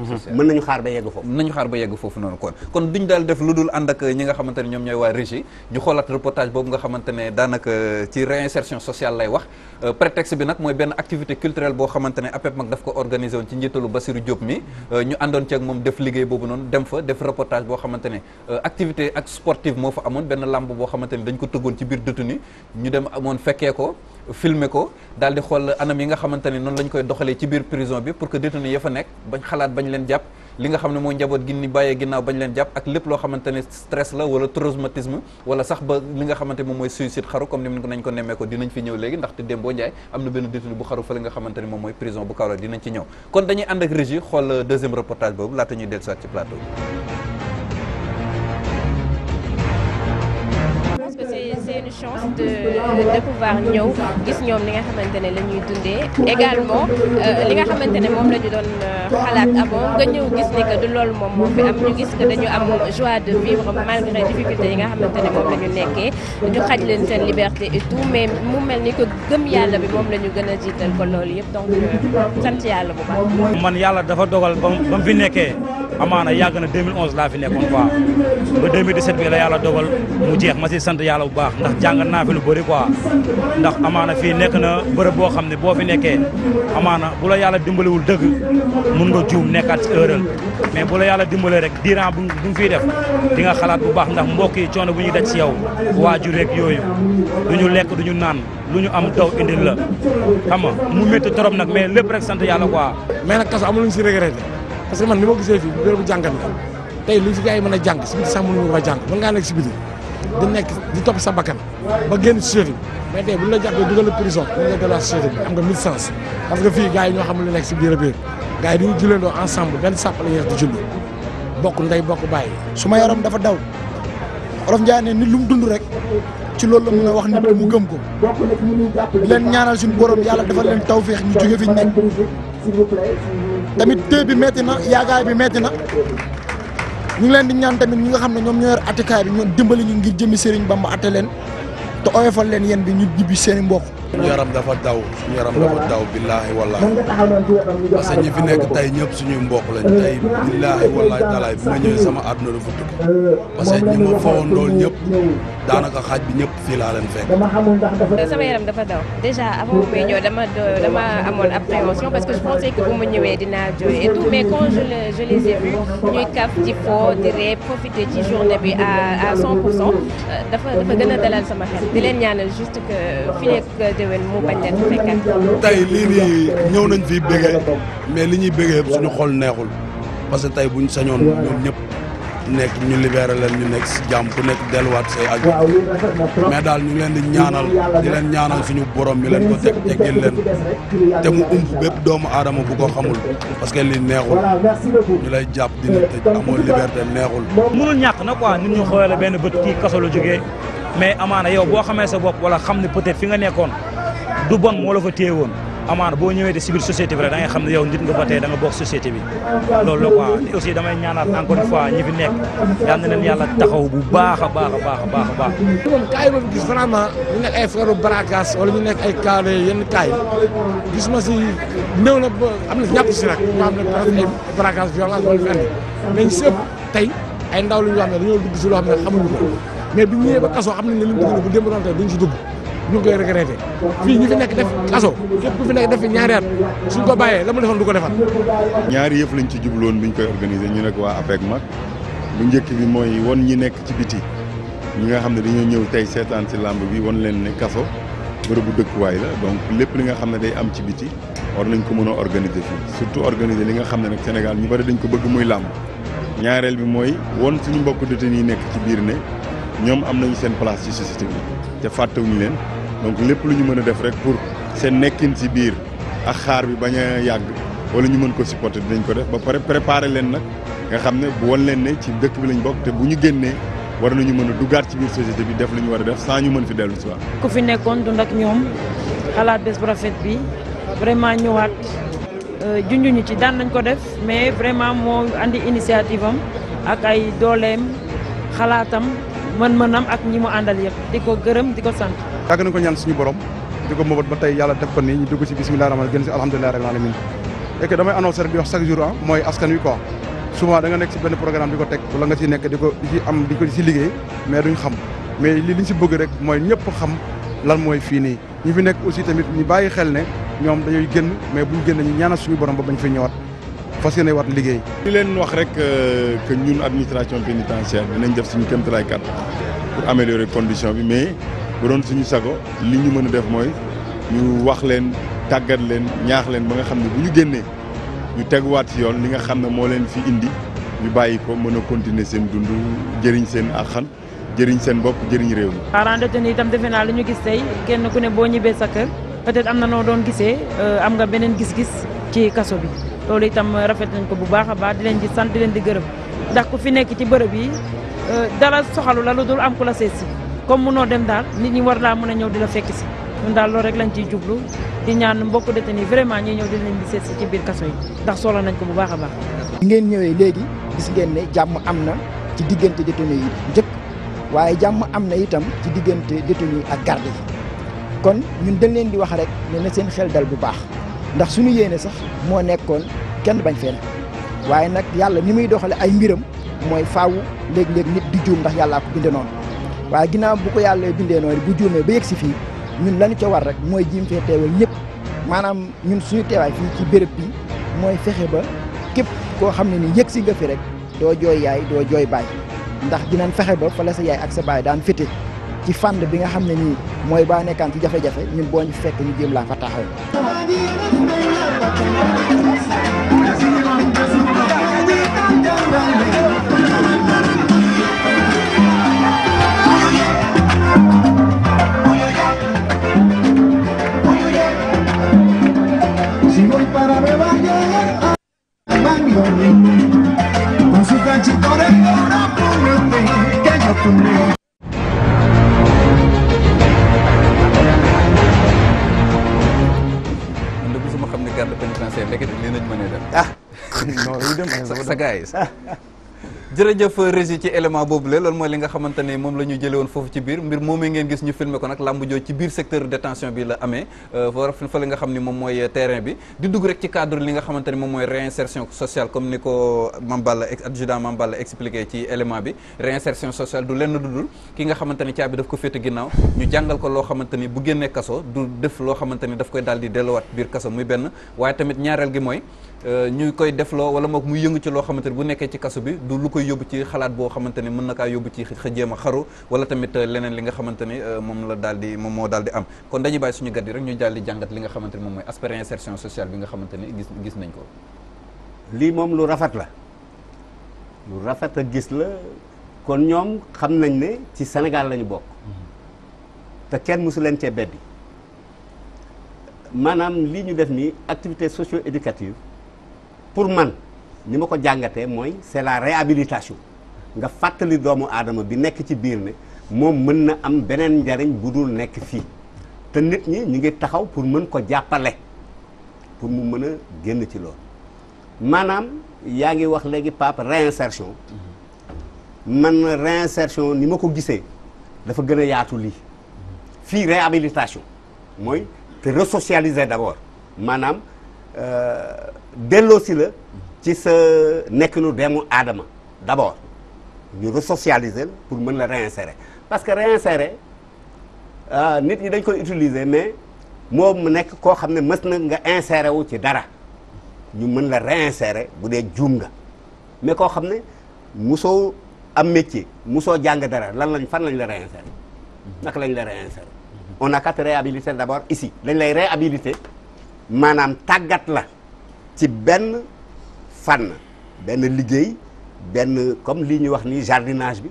Mhm. mën nañu xaar ba yegg foofu mën nañu xaar ba yegg foofu noonu kon kon duñ daal def lu dul ànd ak ñi nga xamante ne ñoom ñooy waa régie ñu xoolaat reportage boobu nga xamante ne daanaka euh, ci réinsertion sociale lay wax euh, prétexte bi nag mooy benn activité culturelle boo xamante ne APEP mag daf ko organisé woon ci njiitalu Bassirou Diop mi euh, ñu àndoon ci ak moom def liggéey boobu noonu dem fa def reportage boo xamante ne activité ak sportive moo fa amoon benn làmb boo xamante ne dañ ko tëggoon ci biir détenu ñu dem amoon fekkee ko filmer ko daal di xool anam yi nga xamante ne noonu lañ koy doxalee ci biir prison bi pour que détenu ya fa nekk bañ xalaat bañ leen jàpp li nga xam ne mooy njaboot gi ni bàyyee ginnaaw bañ leen jàpp ak lépp loo xamante stress la wala traumatisme wala sax ba li nga xamante moom mooy suicide xaru comme ni nañ ko nemmee ko dinañ fi ñëw léegi ndaxte Dembo Ndiaye am na benn détenu bu xaru fa li nga xamante moom mooy prison bu Kaolack dinañ ci ñëw kon dañuy chance de de pouvoir ñëw gis ñoom li nga xamante ne la ñuy dundee également euh, li nga xamante ne moom la ñu doon euh, xalaat avant nga ñëw gis ni du loolu moom moo fi am ñu gis que dañu am joie de vivre malgré difficulté yi nga xamante ne moom la ñu nekkee ñu xaj leen seen liberté et mais mu mel ni que gëm yàlla bi moom la ñu gën a jiital ko loolu yëpp donc euh, sant yàlla bu baax. man yàlla dafa dogal ba mu fi nekkee amaana yàgg na 2011 laa fi nekkoon quoi ba 2017 bi la yàlla dogal mu jeex jàngat naa fi lu bëri quoi ndax amaana fi nekk na bërëb boo xam ne boo fi nekkee amaana bu la yàlla dimbaliwul dëgg mun nga juum nekkaat si erreur mais bu la yàlla rek diiran bu bu fiy def di nga xalaat bu baax ndax mbokk yi coono bu ñuy daj si yow waajur rek yooyu du ñu lekk du ñu naan lu ñu am daw indil la xam nga mu métti trop nag mais lépp rek sant yàlla quoi. mais nag kaso amul lu ñu si regretté parce que man ni ma gisee fii bérébu jàngat la tey lu fi gars a jàng si biti sax mënuñu ko di nekk di topp sa bakkan ba génn société bi mais tey bu la jàppee dugal la prison bu la delluwaat société bi am nga mille sens parce que fii gars yi ñoo xam lu nekk si biir biir gars yi duñu julleendoo ensemble benn sàpp la ñuy di julli bokk ndey bokk bàyyi su ma yaram dafa daw olof Ndiaye ne nit lu mu dund rek ci loolu la mun a wax nit mu gëm ko di leen ñaanal suñu borom yàlla dafa leen tawféex ñu jóge fi nekk tamit téye bi metti na yaagaay bi metti na ñu leen di ñaan tamit ñi nga xam ne ñoom ñoo yor attekaay bi ñoom dimbali ñu ngir jëmi Serigne Bamba atte leen te oyofal leen yéen bi ñu jibbi seen i suñu yaram dafa daw suñu yaram dafa daw billaahi wallaahi parce que ñi fi nekk tey ñëpp suñuy mbokk lañ tey billaahi wallaahi taalaay bi ma ñëwee sama àdduna dafa tukki parce que ñi ma fawoon loolu ñëpp daanaka xaaj bi ñëpp fii laa leen fekk. dama xamul dafa. sama yaram dafa daw déjà avant muy ñëw dama dama amoon appréhension parce que je pensais que bu ma ñëwee dinaa jooy et tout mais quand je les je ñuy kaf ci foo di profiter ci journée bi à à 100 pour cent euh, dafa gën a dalal sama xel di leen ñaanal juste que fi nekk déwén mu bañ leen fekkat. tey lii nii ñëw nañ fii bëggee mais li ñuy bëggee suñu xol neexul parce que tey buñ sañoon ñoom ñëpp. nekk ñu libéré leen ñu nekk si jàmm ku nekk delluwaat say aju mais daal ñu leen di ñaanal di leen ñaanal suñu borom mi leen ko teg teggil leen te mu umb bépp doomu aadama bu ko xamul parce que li neexul ñu lay jàpp dina euh, tëj amoo liberté neexul mënul ñàkk na quoi nit ñu xoolee benn bët kii kaso la jógee mais amaana yow boo xamee sa bopp wala xam ne peut fi nga nekkoon du bon moo la fa téye woon amaana boo ñëwee de si biir société bi rek da ngay xam ne yow nit nga fa tey da nga bokk bi loolu la quoi damay ñaanaat encore une fois ñi fi nekk yàlla taxaw bu baax a baax a baax a a baax moom kaay ñu nekk ay frère Barakaas wala ñu nekk ay kaale ma si néew na am na ñàpp si nag ñoo am ne ay Barakaas violence wala fi andi mais ñu si ëpp tey ay ndaw lu ñu wax ne dañoo dugg si loo xam ne xamuñu ko mais bi ñëwee ba kasoo xam ne ne liñ dugg bu démb doon tey duñ si dugg ñu ngi koy regretté fii ñi fi nekk def kaso képp ku fi nekk def fi suñ ko bàyyee la mu defoon du ko defal ñaari yëf lañ ci jubloon biñ koy organisé ñu nekk waa APEC mag bu njëkk bi mooy won ñi nekk ci biti ñi nga xam ne dañoo ñëw tey seetaan si làmb bi won leen ne kaso bërëbu dëkkuwaay la donc lépp li nga xam ne day am ci biti war nañ ko mën a organiser fii surtout organiser li nga xam ne nag Sénégal ñu bari dañ ko bëgg muy làmb ñaareel bi mooy won suñu mbokk détenu yi nekk ci biir ne ñoom am nañu seen place donc lépp lu ñu mën a def rek pour seen nekkin si biir ak xaar bi bañ a yàgg wala ñu mën ko supporter dinañ ko def ba pare préparer leen nag nga xam ne bu wan leen ne ci dëkk bi lañ bokk te bu ñu génnee war ñu mën a duggaat ci biir société bi def lu ñu war a def sans ñu mën fi dellu si waat. ku fi nekkoon dund ak ñoom xalaat bés bu rafet bi vraiment ñëwaat euh, junjuñu ci daan nañ ko def mais vraiment moo andi initiative am ak ay dooleem xalaatam mën-mënam ak ñi mu àndal yëpp di ko gërëm di ko sant. yàgg nañ ko ñaan suñu borom di ko mëbat ba tey yàlla def ko nii ñu dugg si bisimilah rahmaan gën ci alhamdulilah rabbil alamin et que damay annoncé bi wax chaque jour ah mooy askan wi quoi souvent da nekk ci benn programme di ko teg wala nga ci nekk di ko ci am di ko ci liggéey mais ñu xam mais li liñ si bëgg rek mooy ñëpp xam lan mooy fii nii ñu fi nekk aussi tamit ñu bàyyi xel ne ñoom dañuy génn mais buñ génn ñu ñaanal suñu borom ba bañ fay ñëwaat fas yéene wat liggéey li leen wax rek euh, que ñun administration pénitentiaire def suñu kéemtalaay kàttan pour améliorer condition bi mais bu doon suñu sago li ñu mën a def mooy ñu wax leen tàggat leen ñaax leen ba nga xam ne bu ñu génnee ñu teguwaat ci yoon li nga xam ne moo leen fi indi ñu bàyyi ko mën a continuer seen dund jëriñ seen axan jëriñ seen bopp jëriñ réew mi. parents détenus itam defe naa lu ñu gis tey kenn ku ne boo ñibbee sa kër peut-être am na noo doon gisee euh, am nga beneen gis-gis ci kaso bi loolu itam rafet nañ ko bu baax a baax di leen di sant di leen di gërëm ndax ku fi nekk ci bërëb yi euh, dara soxalu la lu dul am ku la si comme munoo dem daal nit ñi war laa mën a ñëw di la fekk si ñun daal loolu rek lañ ciy jublu di ñaan mbokk détenu vraiment ñi ñëw di leen di seet si ci ndax soxla nañ ko bu baax a baax. ngeen ñëwee léegi gis ngeen ne jàmm am na ci diggante détenu yi njëkk waaye jàmm am na itam ci diggante détenu ak garde yi kon ñun dañ leen di wax rek ne seen xel dal bu baax ndax suñu yéene sax moo nekkoon kenn bañ fenn waaye nag yàlla ni muy doxale ay mbiram mooy faawu léeg-léeg nit di juum ndax yàllaa ko noonu. waaye ginnaaw bu ko yàlla bindee noonu bu juumee ba yegg si fii ñun lañu ca war rek mooy jiim fee teewal ñëpp maanaam ñun suñu teewaay fii ci béréb bi mooy fexe ba képp koo xam ne ni yegg si nga fi rek doo jooy yaay doo jooy baay ndax dinañ fexe ba fa la sa yaay ak sa baay daan féete ci fànn bi nga xam ne nii mooy baa nekkaan ci jafe-jafe ñun boo ñu fekk ñu jéem laa fa taxaw sa guys jërëjëf régi ci élément boobu la loolu mooy li nga xamante ne moom la ñu jëlee woon foofu ci biir mbir moomee ngeen gis ñu filmé ko nag làmb jooju ci biir secteur détention bi la amee war euh, fa la nga xam ni moom mooy terrain bi di dugg rek ci cadre li nga xamante ne moom mooy réinsertion sociale comme ni ko Mamballa adjudant Mamballa expliqué ci élément bi réinsertion sociale du lenn dudul ki nga xamante ne caabi daf ko féete ginnaaw ñu jàngal loo xamante ni bu génnee kaso du def loo xamante ni daf koy daal di delluwaat biir kaso muy benn waaye tamit ñaareel gi mooy Euh, ñu koy defloo wala mook muy yëngu ci loo xamante ne bu nekkee ci kaso bi du lu koy yóbbu ci xalaat boo xamante ne mën na kaa yóbbu ci xëjéem a xaru wala tamit euh, leneen li nga xamante ne euh, moom la daal di moom moo daal di am kon dañu bàyyi suñu gat yi rek ñu daal di jàngat li nga xamante ne moom mooy aspect insertion sociale bi nga xamante ne gis gis nañ ko lii moom lu rafet la lu rafet a gis la kon ñoom xam nañ ne ci senegal lañu bokk mm-hmm. te kenn mësu leen cee bi maanaam li ñu def nii activité socio éducative pour man ni ma ko jàngatee mooy c'est la réhabilitation nga fàttali doomu aadama bi nekk ci biir ne moom mën na am beneen njariñ bu dul nekk fii te nit ñi ñu ngi taxaw pour mën ko jàppale pour mu mën a génn ci loolu maanaam yaa ngi wax léegi Pape réinsertion man réinsertion ni ma ko gisee dafa gën a yaatu lii fii réhabilitation mooy te resocialiser d'abord maanaam. Euh, delloosi la ci sa nekk nu demu aadama d'abord ñu resocialiser la pour mën la réinsérer parce que réinsérer ah, nit ñi dañ koy utiliser mais moom mu nekk koo xam ne mës na nga insérer wu ci dara ñu mën la réinsérer bu dee juum nga mais koo xam ne musoo am métier musoo jàng dara lan lañ fan lañ la réinsérer naka lañ la réinsérer on a quatre réhabilité d'abord ici dañ lay réhabilité maanaam tàggat la ci benn fànn benn liggéey benn comme lii ñuy wax ni jardinage bi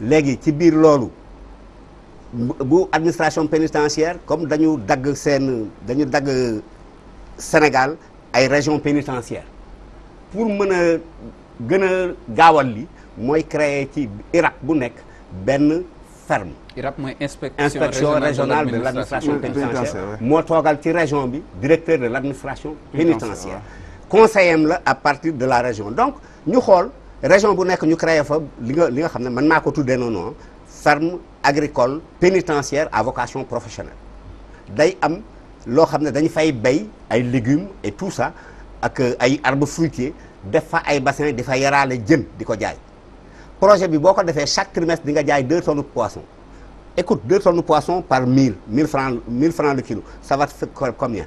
léegi ci biir loolu bu administration pénitentiaire comme dañu dagg seen dañu dagg Sénégal ay région pénitentiaire pour mën a gën a gaawal li mooy créer ci Irak bu nekk benn ferme IRAP mooy inspection régionale de l' administration pénitentiaire moo toogal ci région bi directeur de l' administration pénitentiaire conseiller am la à partir de la région donc ñu xool région bu nekk ñu créer fa li nga li nga xam ne man naa ko tuddee noonu ah, ferme agricole pénitentiaire à vocation professionnelle day am loo xam ne dañu fay bay ay légumes et tout ça ak euh, ay arbres fruitiers def fa ay bassin di fa yaraale jën di ko jaay projet bi boo ko defee chaque trimestre di nga jaay deux tonnes de écoute deux tonnes de poisson par mille mille francs mille francs le kilo ça va se combien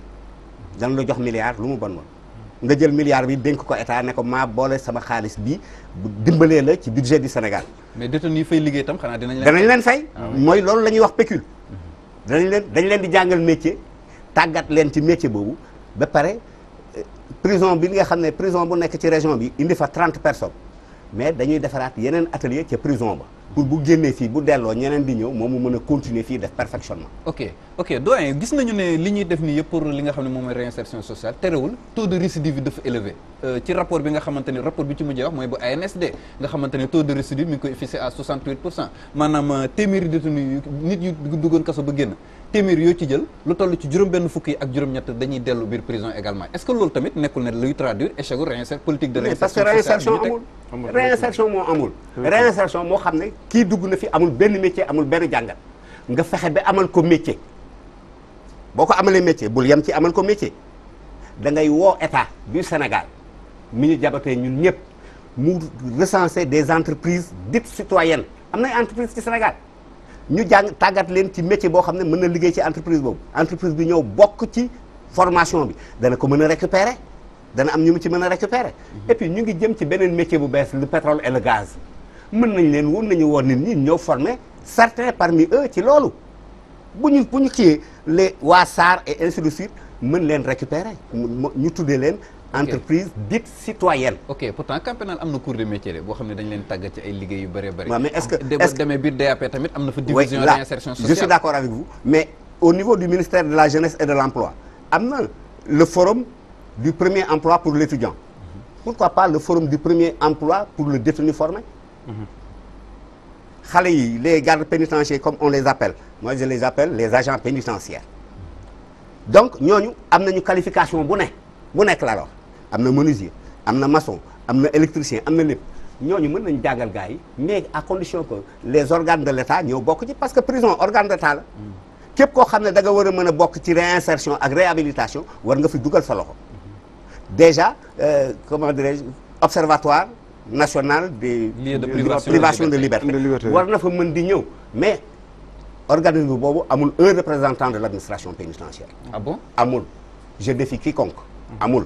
dañ la jox milliard lu mu bon woon nga jël milliard bi dénk ko état ne ko maa boole sama xaalis bi dimbalee la ci budget du Sénégal. mais détenu yi fay liggéey tam xanaa dinañ leen. danañ leen fay ah mooy loolu lañuy wax pécule. danañ leen dañ leen di jàngal métier tàggat leen ci métier boobu ba pare euh, prison bi nga xam ne prison bu nekk ci région bi indi fa trente personnes mais dañuy defaraat yeneen atelier ca prison ba. pour bu génnee fii bu delloo ñeneen di ñëw moom mu mën a continuer fii def perfectionnement. ok ok doyen gis nañu ne li ñuy def nii yëpp pour li nga xam ne moom mooy réinsertion sociale terewul taux de récidive bi dafa élevé. Euh, ci rapport bi nga xamante ne rapport bi ci mujjee wax mooy bu ANSD nga xamante ne taux de récidive mi ngi koy fixé à 68 pour cent maanaam euh, téeméeri détenu nit yu duggoon kaso ba génn. téeméer yoo ci jël lu toll ci juróom-benn fukki ak juróom-ñett dañuy dellu biir prison également est-ce que loolu tamit nekkul ne luy traduire échec u réinsertion politique de parce que amul réinsertion moo amul réinsertion moo xam ne kii dugg na fi amul benn métier amul benn jàngat nga fexe ba amal ko métier boo ko amalee métier bul yem ci amal ko métier da ngay woo état du Sénégal mi ñu jabatee ñun ñëpp mu recenser des entreprises dites citoyennes am na ay entreprises Sénégal ñu jàng tàggat leen ci métier boo xam ne mën na liggéey ci entreprise boobu entreprise bi ñëw bokk ci formation bi dana ko mën a récupérer dana am ñu ci mën a récupérer mhm. et puis ñu ngi jëm ci beneen métier bu bees le pétrole et le gaz mën nañ leen woon nañu woon nit ñi ñëw former par parmi eux ci loolu bu ñu bu ñu kiyee les waa SAR et ainsi de mën leen récupérer ñu tuddee leen entreprise dite citoyenne. ok pourtant Camp pénal na cours de boo xam ne dañ leen tàggat ci ay liggéey yu bëree bëri. waaw mais est-ce que est-ce que demee biir DAP tamit am na fa. division d'insertion sociale je suis d'accord avec vous mais au niveau du ministère de la jeunesse et de l'emploi am na le forum du premier emploi pour l'étudiant mhm. pourquoi pas le forum du premier emploi pour le détenu formé. Mhm. xale yi les gardes pénitentiaires comme on les appelle moi je les appelle les agents pénitentiaires mhm. donc ñooñu am nañu qualification bu ne bu nekk la am na menuisier am na mason am na électricien am na lépp ñooñu mën nañ jàngal gars yi mais à condition que les organes de l'État ñoo bokk ci parce que prison organe d'État la képp koo xam ne da nga war a mën a bokk ci réinsertion ak réhabilitation war nga fi dugal solo loxo déjà euh, comment dirais-je observatoire national des de privation, privation de liberté war na fa mën di ñëw mais organisme boobu amul un représentant de l'administration pénitentiaire ah bon amul je défie quiconque amul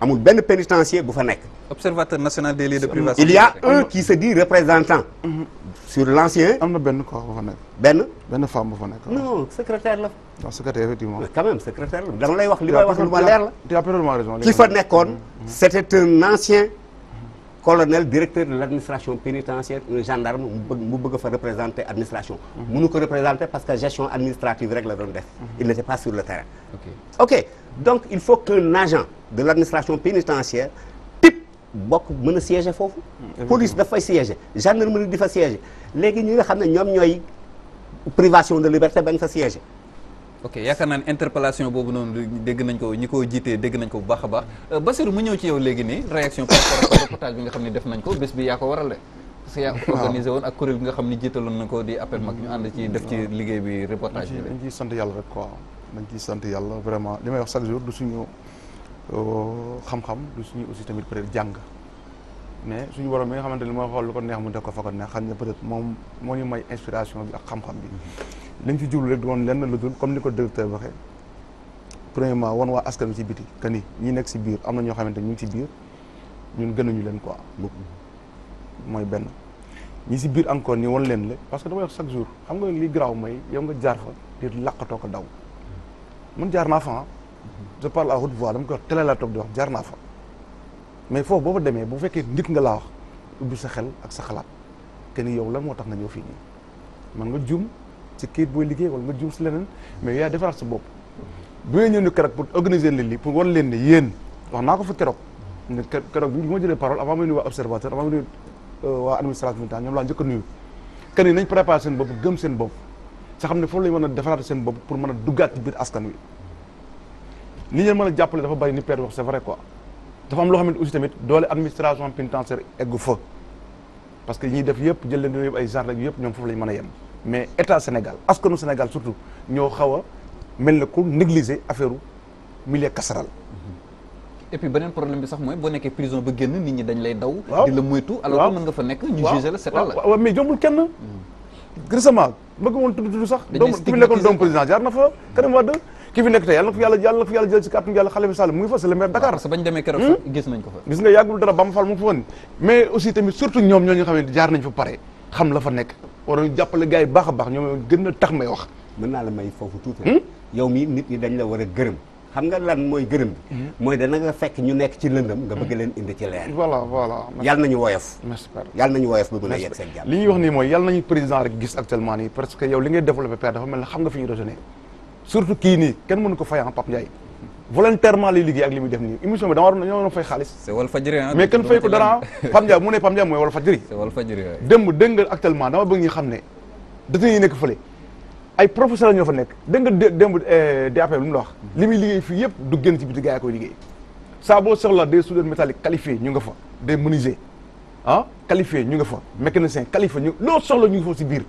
amul benn pénitencier bu fa nekk. observateur national des lieux de privation. il y a un qui se dit représentant. Mhm. sur l' am na benn ko bu fa nekk. benn benn femme bu fa nekk. non secrétaire la. non secrétaire effectivement. mais quand même secrétaire la dama lay wax li may wax lu ma la. ki fa nekkoon mhm. c' était un ancien. colonel directeur de l' administration pénitentiaire un gendarme mu bëgg fa représenter administration. mënu mhm. ko représenter parce que gestion administrative rek la doon def. Mhm. il n' était pas sur le terrain. ok donc il faut qu'un agent de l' administration pénitentiaire type bokk mën a siéger foofu. fa mhm. dafay siéger gendarmerie di fa siéger léegi ñi nga xam ne ñoom ñooy privation de liberté bañ fa siéger. ok yaakaar naa ne interpellation boobu noonu dégg nañ ko ñi ko jiitee dégg nañ ko bu baax a baax euh, Bassirou mu ñëw ci yow léegi nii réaction par rapport reportage bi nga xam ne def nañ ko bés bi yaa ko waral de parce que yaa ko organisé woon ak kuréel bi nga xam ni jiitaloon nañ ko di appel mag ñu ànd ci def ci liggéey bi reportage bi dañ ciy sant yàlla rek quoi dañ ciy sant yàlla vraiment li may wax chaque jour du suñu euh, xam-xam du suñu aussi tamit peut être jàng mais suñu borom bi nga xamante ni mooy xool lu ko neex mu def ko fa ko neex xam ne peut moo ñu may bi ak xam-xam mm-hmm. lañ ci jublu rek doon lenn lu dul comme ni ko directeur waxee premièrement won waa aska wi ci biti que ni ñi nekk ci biir am na ñoo xamante ñu ngi ci biir ñun gënuñu leen quoi mooy benn ñi ci biir encore ni wan leen la parce que damay wax chaque jour xam nga li garaaw mooy yow nga jaar fa di làqatoo ko daw man jaar naa fa ah. mhm. je parle à haute voix laa toog di wax naa fa mais foofu boo fa demee bu fekkee nit nga laa wax ubbi sa xel ak sa xalaat que yow la moo tax nga ñëw fii nii man nga jum sa kayit booy liggéey wala nga juum si leneen mais yaay defaraat sa bopp bu ngeen ñëw ne keroog pour organiser leen leen ne yéen wax naa ko fa keroog ne keroog bi ma jëlee parole avant may nuyu waa observateur avant may euh, waa administration militaire ñoom laa njëkk a nuyu kan yi nañ seen bopp gëm xam ne foofu la ñu mën a seen bopp pour mën a duggaat ci askan wi li ngeen jàppale dafa bari ni père wax c'est vrai quoi dafa am loo xamante aussi tamit doole administration pénitentiaire eggu fa parce que ñuy def yëpp jël leen yëpp ay gendarme yëpp ñoom foofu la ñu mën a yem mais état Sénégal askanu Sénégal surtout ñoo xaw a mel na ku négliger affaire milieu casserole. et puis beneen problème bi sax mooy boo nekkee prison ba génn nit ñi dañ lay daw. di la moytu alors mën nga fa nekk ñu jugé la seetal la. waaw mais jombul kenn. Hmm. récemment bëgg woon tudd tudd sax. dañuy ki fi nekkoon doomu président jaar na fa. Karim Wade ki fi nekk tey yàlla na ko yàlla yàlla na ko yàlla jël si kàttan yàlla Khalifa Sall mu ngi fa c'est le maire Dakar. parce que bañ demee keroog fa hmm? gis nañ ko fa. gis nga yàggul dara Bamba Fall mu ngi fa woon mais aussi tamit surtout ñoom ñoo ñu xamante jaar nañ fa pare xam la fa nekk war a jàppale gars yi baax a baax ñoom gën a tax may wax mën naa la may foofu tuuti hmm? yow mii nit ñi dañ la war a gërëm xam nga lan mooy gërëm bi hmm? mooy dana nga fekk ñu nekk ci lëndëm nga bëgg hmm? leen indi ci leer voilà voilà yàlla nañu woyof ba mën a yegg seen jàmm li ñuy wax nii mooy yàlla nañu président rek gis actuellement nii parce que yow li ngay développé père dafa mel ne xam nga fi ñu raisonné surtout kii nii kenn mënu ko fay ah, Pape Ndiaye volontairement lay liggéey ak li muy def nii émission bi dama waroon ñoo fay xaalis. c'est Walfadjri ah. mais fay ko dara Pam Ndiaye mu ne Pam Ndiaye mooy Walfadjri. c'est Walfadjri waay. démb dégg actuellement dama bëgg ñu xam ne détenus yi nekk fële ay professeurs la ñoo fa nekk dégg nga démb euh, DAP lu mu la wax. li muy liggéey fii yëpp du génn ci biti gaa yi koy liggéey saa boo soxla des soudeurs métalliques qualifiés ñu nga fa des menuisiers ah qualifiés ñu nga fa mécanicien qualifié ñu loo soxla ñu nga fa si biir.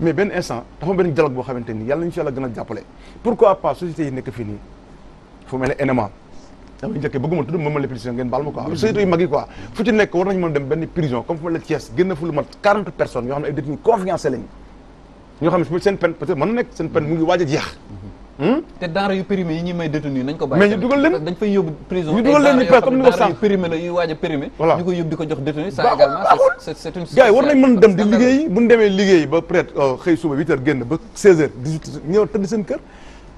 mais benn instant boo xamante ni yàlla nañu si yàlla gën a jàppale pourquoi pas société yi nekk fii nii fu mel ne enema damay njëkkee bëgguma tudd moom ma la prison ngeen baal ma quoi surtout mag yi quoi fu ci nekk war nañ mën dem di liggéey bu ñu demee liggéey ba peut euh, xëy suba 8 heures génn ba 16 heures 18 ñëw tëdd seen kër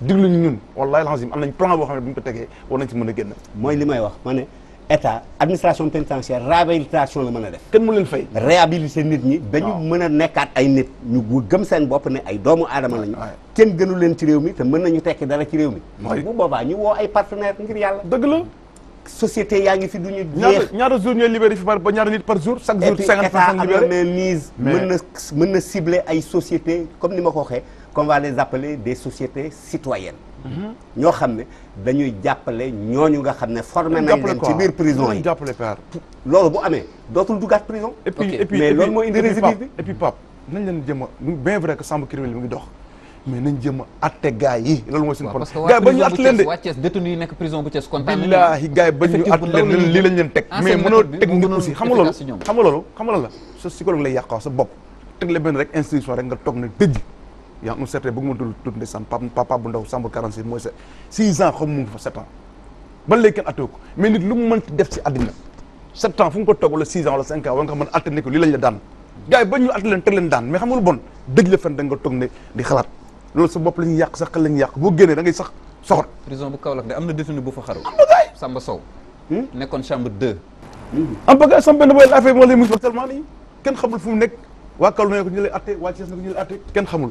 digluñu ñun wallahi alazim am nañ plan boo xam ne bu ñu ko tegee war nañ ci mën a génn mooy li may wax ma ne état administration pénitentiaire réhabilitation la mën a def kenn mu leen fay réhabiliter nit ñi ba ñu mën a nekkaat ay nit ñu gëm seen bopp ne ay doomu aadama lañu kenn gënu leen ci réew mi te mën nañu tekki dara ci réew mi bu boobaa ñu woo ay partenaire ngir yàlla dëgg la société yaa ngi fi du ñu jeex ñaata jour ñooy libéré fi par ba ñaata nit par jour chaque jour cinquante mën na mën ay société comme ni ma ko waxee qu'on va les appeler des sociétés citoyennes. Mhm. ñoo xam ne dañuy jàppale ñooñu nga xam ne formé nañ leen ci biir jàppale par loolu bu amee dootul dugaat prison et puis mais loolu moo indi récidive bi et puis nañ leen jëm a bien vrai que chambre criminelle mu ngi a atte gars yi loolu mooy suñu problème gars yi ba ñu atte ba ñu atte leen lii lañ leen teg ah, mais mënoo teg nit aussi xam nga loolu xam nga loolu xam loolu la sa sa bopp teg la benn rek institution rek nga toog na dëj y' a un certain bëgg ma dul tudd ndeysaan papa bu ndaw Sambour 46 mooy sa 6 ans xam mu ngi fa 7 ans ba léegi kenn atteeku mais nit lu mu mënti def si àddina 7 ans fu mu ko toog wala 6 ans wala 5 ans war nga mën atte ne ko lii lañ la daan gars yi ba ñu atte leen teg leen daan mais xam nga lu bon dëj la fen da nga toog ne di xalaat loolu sa bopp la ñuy yàq sax xel la ñuy yàq boo génnee da ngay sax soxor prison bu Kaolack de am na détenu bu fa xaru Samba Sow hmm? nekkoon chambre 2 am bagage sama benn booy laafee moo lay mus ba tellement nii kenn xamul fu mu nekk waa Kaolack ne ko ñu lay atte waa Thiès ne ko ñu lay atte kenn xamul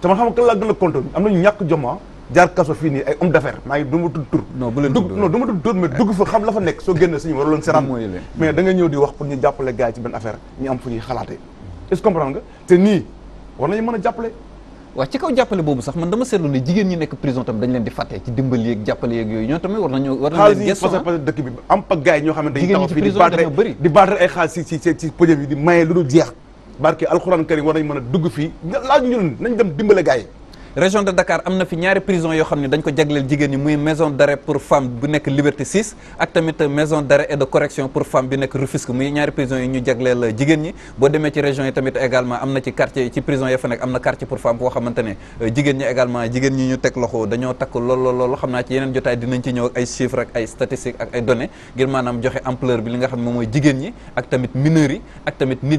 te ma xam kan laa gën a contre am nañu ñàkk joma ah. jaar kaso fii nii ay homme d'affaires maa ngi du tur tur mais dugg fa xam la fa nekk soo génn suñu waraloon seetaan mais da ñëw di wax pour ñu jàppale gars yi ci benn affaire ñu am fu ñuy xalaatee est a jàppale waaw ci kaw jàppale boobu sax man dama seetlu ne jigéen ñi ah. am pa yi ñoo xam ne dañuy taxaw di battre ay xaalis ci pëjëm yi di maye lu dul jeex barke alxuraan karim war nañ mën a dugg fii laaj ñun nañ dem dimbale gars yi région de Dakar am na fi ñaari prison yoo xam ne dañ ko jagleel jigéen ñi muy maison d'arrêt pour femme bu nekk Liberté 6 ak tamit maison d'arrêt et de correction pour femme bi nekk Rufisque muy ñaari prison yi ñu jagleel jigéen ñi boo demee ci région yi tamit également am na ci quartier ci prison ya fa nekk am na quartier pour femme boo xamante euh, jigéen ñi également jigéen ñi ñu teg loxo dañoo takk lool lool lool xam naa ci yeneen jotaay dinañ ci ñëw li nga xam ne moom mooy jigéen ñi ak tamit mineurs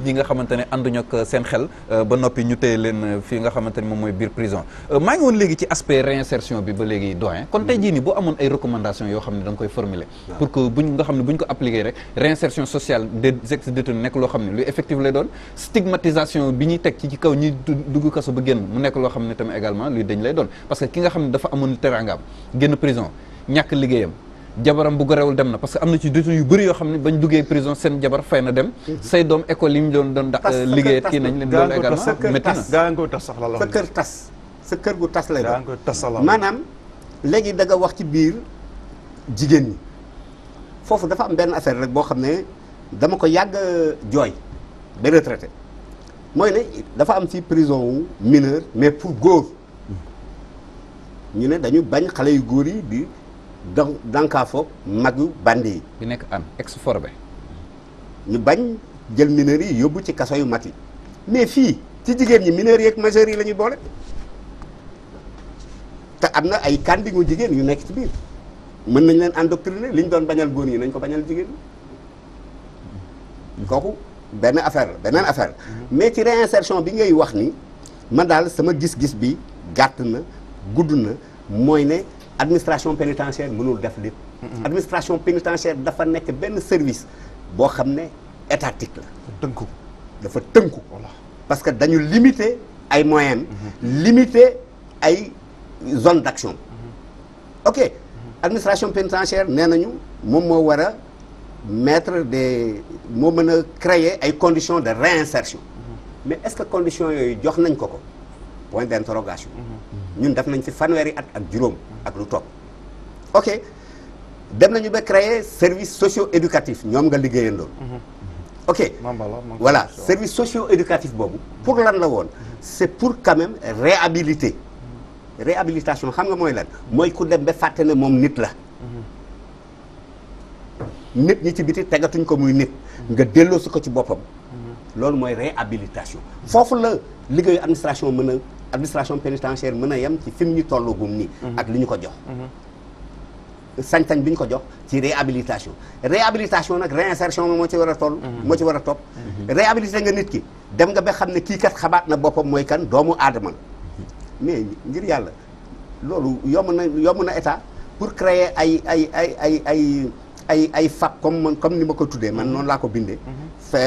yi nga xamante ne ànduñu ak seen xel euh, ba noppi leen euh, fii nga xamante ne moom mooy biir prison Euh, maa ngi woon léegi ci aspect réinsertion bi ba léegi doyen kon tey jii nii boo amoon ay recommandations yoo xam ne da koy formuler pour que buñ nga xam ne bu ñu ko appliquer rek réinsertion sociale des ex-détenus nekk loo xam ne lu effectif lay doon stigmatisation bi ñuy teg ci kaw ñi dugg kaso ba génn mu nekk loo xam ne tamit également luy dañ lay doon parce que ki nga xam ne dafa amoon teraangaam génn prison ñàkk liggéeyam jabaram bu gorewul dem na parce que am na ci détenu yu bëri yoo xam ne bañ duggee prison seen jabar fay na dem mm-hmm. say doom école yi nañ leen loolu également métti sa kër gu tas lay doon maanaam léegi danga wax ci biir jigéen ñi foofu dafa am benn affaire rek boo xam ne dama ko yàgg jooy ba retraité mooy ne dafa am fii prison wu mineur mais pour góor ñu ne dañu bañ xale yu góor yi di donc dankaafoo mag yu bandi yi bi nekk am ex forbe ñu bañ jël mineur yi yóbbu ci kaso yu mat yi mais fii ci jigéen ñi mineurs yeeg majeurs yi la ñuy boole te am na ay kàndingu jigéen yu nekk ci biir mën nañ leen endoctriner li ñu doon bañal góor yi nañ ko bañal jigéen ñi kooku benn affaire la beneen affaire mm-hmm. mais ci réinsertion bi ngay wax ni man daal sama gis-gis bi gàtt na gudd na mooy ne administration pénitentiaire mënul def lépp mm-hmm. administration pénitentiaire dafa nekk benn service boo xam ne étatique la tënku dafa tënku parce que dañu limiter ay moyens mm-hmm. limiter ay zone d'action ok administration pénitentiaire nee nañu moom moo war a mettre des moo mën a créer ay conditions de réinsertion mais est-ce que condition yooyu jox nañ ko ko point d'interrogation ñun def nañ si fanweeri ak juróom ak lu topp ok dem nañu ba créer service socio-éducatif ñoom nga liggéeyandoon ok voilà service socio-éducatif boobu pour lan la woon c'est pour quand même réhabiliter réhabilitation xam nga mooy lan mooy ku dem ba fàtte ne moom nit la nit ñi ci biti tegatuñ ko muy nit nga delloo si ko ci boppam loolu mooy réhabilitation foofu la liggéeyu administration mën a administration pénitentiaire mën a yem ci fi mu ñu tollagum nii ak li ñu ko jox sañ-sañ bi ñu ko jox ci réhabilitation réhabilitation nag réinsertion moo ci war a toll moo ci war a topp réhabilité nga nit ki dem nga ba xam ne kii kat xabaat na boppam mooy kan doomu aadama mais ngir yàlla loolu yomb na yomb na état pour créer ay ay ay ay ay ay ay FAP comme comme ni ma ko tuddee man noonu laa ko bindee.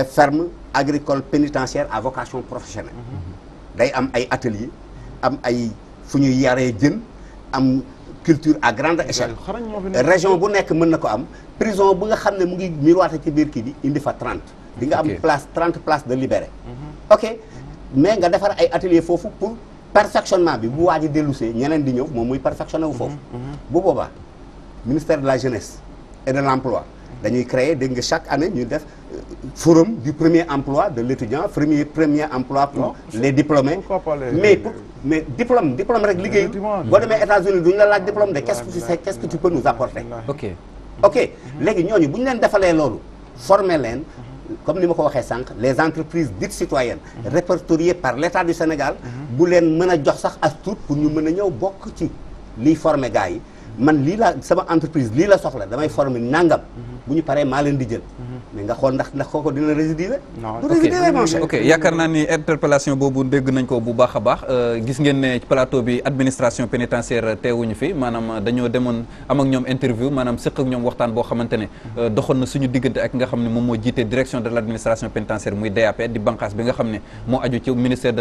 ferme agricole pénitentiaire à vocation professionnelle. day am ay atelier am ay fu ñuy yaree jën am culture à grande échelle. région bu nekk mën na ko am prison bu nga xam ne mu ngi miroité ci biir kii bi indi fa 30. di nga am place 30 places de libéré. Mhm. ok mais nga defar ay atelier foofu perfectionnement bi bu waaj a dellusee ñeneen di ñëw moom muy perfectionné wu foofu. Mhm, mhm. bu boobaa ministère de la jeunesse et de l' emploi. dañuy créer dégg nga chaque année ñu def euh, forum du premier emploi de l' étudiant premier premier emploi pour non, les diplômés mais pour, mais diplôme liggéey boo demee États-Unis duñu la laaj diplôme de quest que tu sais quest ok ok mhm. ñooñu bu ñu leen defalee loolu former comme ni ma ko waxee sànq les entreprises dites citoyennes répertoriées par l'État du Sénégal bu leen mën a jox sax as tuut pour ñu mën a ñëw bokk ci liy former gars yi man lii laa sama entreprise lii la soxla damay former nangam. Mhm. bu ñu paree maa leen di jël. Mhm. mais nga xool ndax ndax kooku dina résiduer. du ok yaakaar naa ni interpellation boobu dégg nañ ko bu baax a baax euh, gis ngeen ne plateau bi administration pénitentiaire teewuñu fi maanaam euh, dañoo demoon am ak ñoom interview maanaam sëq ak ñoom waxtaan boo xamante mhm. euh, doxoon na suñu diggante ak nga xam ne moom moo jiite direction de l' administration muy DAP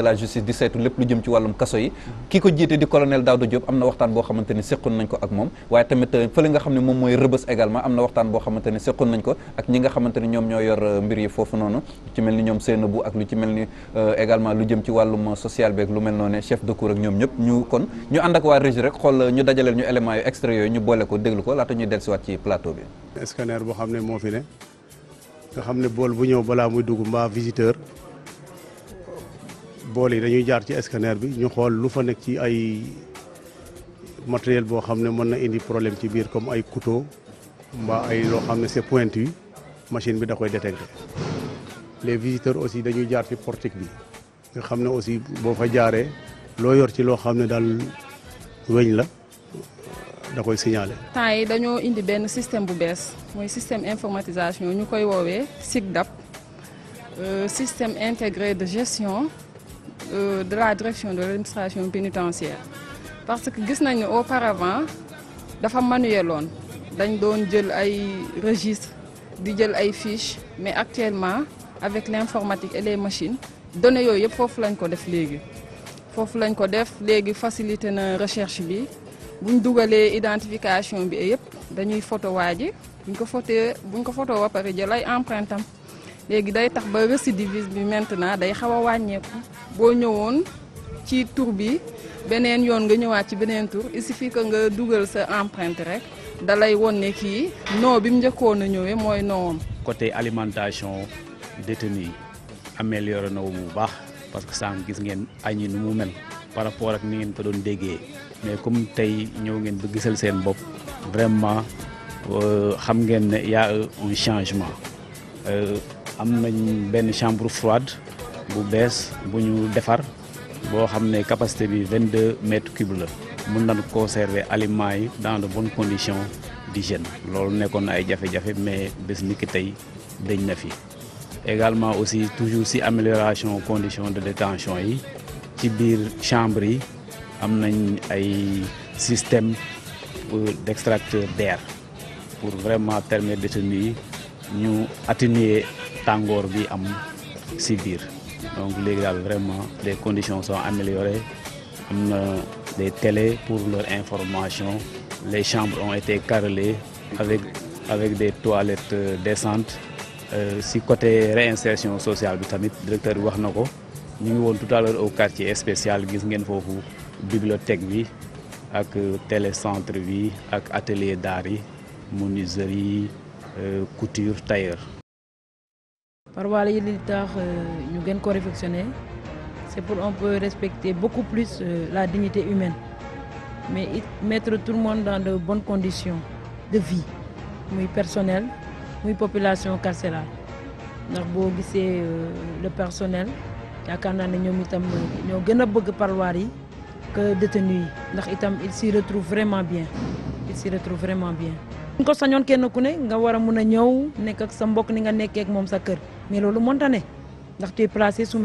la justice di saytu lépp lu ko jiite di colonel Daouda Diop am na waxtaan boo xamante ne sëqoon nañ ko ak moom moom waaye tamit euh, fële nga xam ne moom mooy rëbës également am na waxtaan boo xamante ne nañ ko ak ñi nga xamante ñoom ñoo yor euh, mbir yi foofu noonu lu ci mel ni ñoom Seynabou ak lu ci mel ni euh, également lu jëm ci wàllum social beeg lu mel noonu chef de cour ak ñoom ñëpp ñu kon ñu ànd ak waa régie rek xool ñu dajaleel ñu éléments yu extra yooyu ñu boole ko déglu ko laata ñuy dellusiwaat ci plateau bi scanner boo xam ne moo fi ne nga xam ne bu ñëw balaa muy dugg mbaa visiteur bool yi dañuy jaar ci scanner matériel boo xam ne mën na indi problème ci biir comme ay couteau mbaa ay loo xam ne c'est pointu machine bi da koy détecté les visiteurs aussi dañuy jaar ci portique bi nga xam ne aussi boo fa jaaree loo yor ci loo xam ne daal weñ la da koy signalé. temps yi dañoo indi benn système bu bees mooy système informatisation ñu koy woowee SIGDAP euh, système intégré de gestion euh, de la direction de l'administration pénitentiaire parce que gis nañu auparavant dafa manuel woon dañ doon jël ay registre di jël ay fiches mais actuellement avec l'informatique et les machines données yooyu yëpp foofu lañ ko def léegi foofu lañ ko def léegi facilité na recherche bi buñ dugalee identification bi yëpp dañuy photo waa ji buñ ko photee buñ ko photo ba pare jël ay empreinte am léegi day tax ba récidivisme bi maintenant day xaw a wàññeeku boo ñëwoon ci tur bi beneen yoon nga ñëwaat ci beneen tur il suffit que nga dugal sa empreinte rek da lay ne kii noo bi mu njëkkoon a ñëwee mooy noom côté alimentation détenu yi amélioré na wu bu baax parce que sànq gis ngeen añi nu mu mel par rapport ak ni ngeen ko doon déggee mais comme tey ñëw ngeen ba gisal seen bopp vraiment euh, xam ngeen ne y euh, changement euh, am na benn chambre froide bu bees bu ñu defar boo xam ne capacité bi 22 mètres cubes la mun na conserver aliments yi dans de condition di d'hygiène loolu nekkoon na ay jafe-jafe mais bés ni tey dañ na fi également aussi toujours si amélioration condition de détention yi ci biir chambre yi am nañ ay système euh, d'extracteur d'air pour vraiment permettre détenus yi ñu atténuer tàngoor bi am si biir donc léegi daal vraiment des conditions sont améliorées am na des télés pour leur information les chambres on été carrelées avec avec des toilettes euh, décentes euh, si côté réinsertion sociale bi tamit directeur bi wax na ko ñu ngi woon tout à l'heure au quartier spécial gis ngeen foofu bibliothèque bi ak euh, télécentre bi ak atelier d'art yi menuiserie couture tailleur Parfois, il est tard, nous gagnons réfectionner. C'est pour on peut respecter beaucoup plus euh, la dignité humaine, mais mettre tout le monde dans de bonnes conditions de vie, muy personnel, muy population carcérale. ndax boo gisee euh, le personnel yaakaar naa ne ñoom itam euh, ñoo gën a bëgg parloir yi que détenu yi ndax itam il s'y retrouve vraiment bien il si retrouve vraiment bien. ñu ko sañoon kenn ku ne nga war a mun a ñëw nekk ak sa mbokk ni nga nekkee moom sa kër mais loolu mënta ne ndax tu es de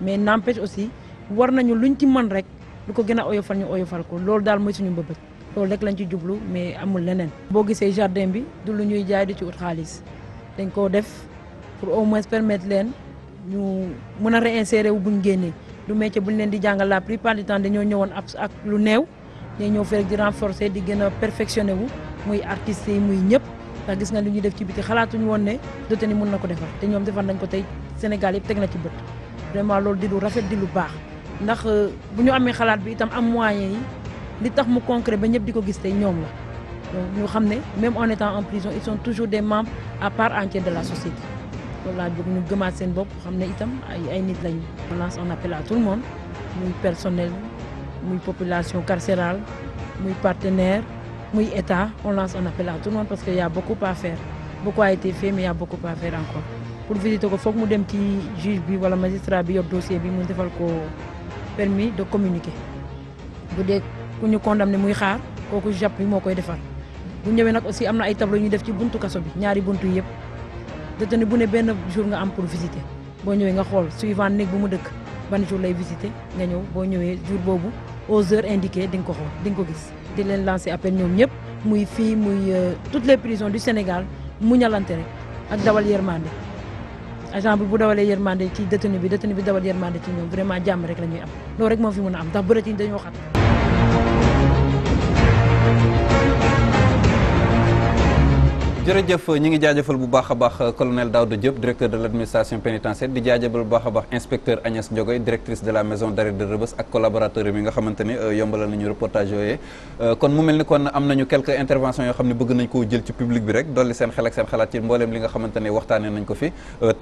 mais n'empêche aussi war nañu luñ ci mën rek lu ko gën a oyofal ñu oyofal ko loolu daal mooy suñu mbëbët loolu rek lañ ci jublu mais amul leneen. boo gisee jardin bi du lu ñuy jaay du ci ut xaalis dañ koo def pour au moins permettre leen ñu mën a réinsérer wu buñ génnee du bu ñu leen di jàngal la plupart du temps dañoo ñëwoon ak lu néew ñoo ñëw fii rek di renforcer di gën a perfectionner wu. muy artistes yi muy ñëpp ndax gis nga li ñuy def ci biti xalaatuñu woon ne Doteni mun na ko defar te ñoom defar nañ ko tey Sénégal yëpp teg na ci bët vraiment loolu di lu rafet di lu baax ndax euh, bu ñu amee xalaat bi itam am moyen yi li tax mu concret ba ñëpp di ko gis tey ñoom la ñu xam ne même en étant en prison ils sont toujours des membres à part entière de la société loolu laa jóg ñu gëmaat seen bopp xam ne itam ay ay nit lañu on lance un appel à tout le muy personnel muy muy partenaire muy état on lance un appel à parce que y a beaucoup à faire beaucoup a été fait mais y a beaucoup à faire encore pour visiter ko foog mu dem ci juge bi wala magistrat bi yor dossier bi mu defal ko permis de communiquer bu dee ku ñu condamné muy xaar kooku jàpp bi moo koy defal bu ñëwee nag aussi am na ay tableau ñu def ci buntu kaso bi ñaari buntu yëpp détenu bu ne benn jour nga am pour visiter boo ñëwee nga xool suivant néeg bu mu dëkk ban jour lay nga ñëw boo ñëwee jour boobu aux heures indiquées di nga ko xool di nga ko gis di leen lancer appel ñoom ñëpp muy fii muy euh, toutes les prison du Sénégal mu ñalante rek ak dawal yërmande agent bi bu dawalee yërmande ci détenu bi détenu bi dawal yërmande ci ñoom vraiment jàmm rek la am loolu rek moo fi mën a am ndax bërët yi dañoo xat jërëjëf ñi ngi jaajëfal bu baax a baax euh, colonel Daouda Diop directeur de l' administration di jaajëfal bu baax a baax inspecteur Agnès Ndiogoy directrice de la maison d' arrêt de Rebeuss ak collaborateur yi nga xamante ne euh, yombalal nañu reportage yooyee euh, kon mu mel ni kon am nañu quelques intervention yoo xam ne bëgg nañ ko jël ci public bi rek dolli seen xel ak seen xalaat ci mbooleem li nga xamante ne waxtaane nañ ko fi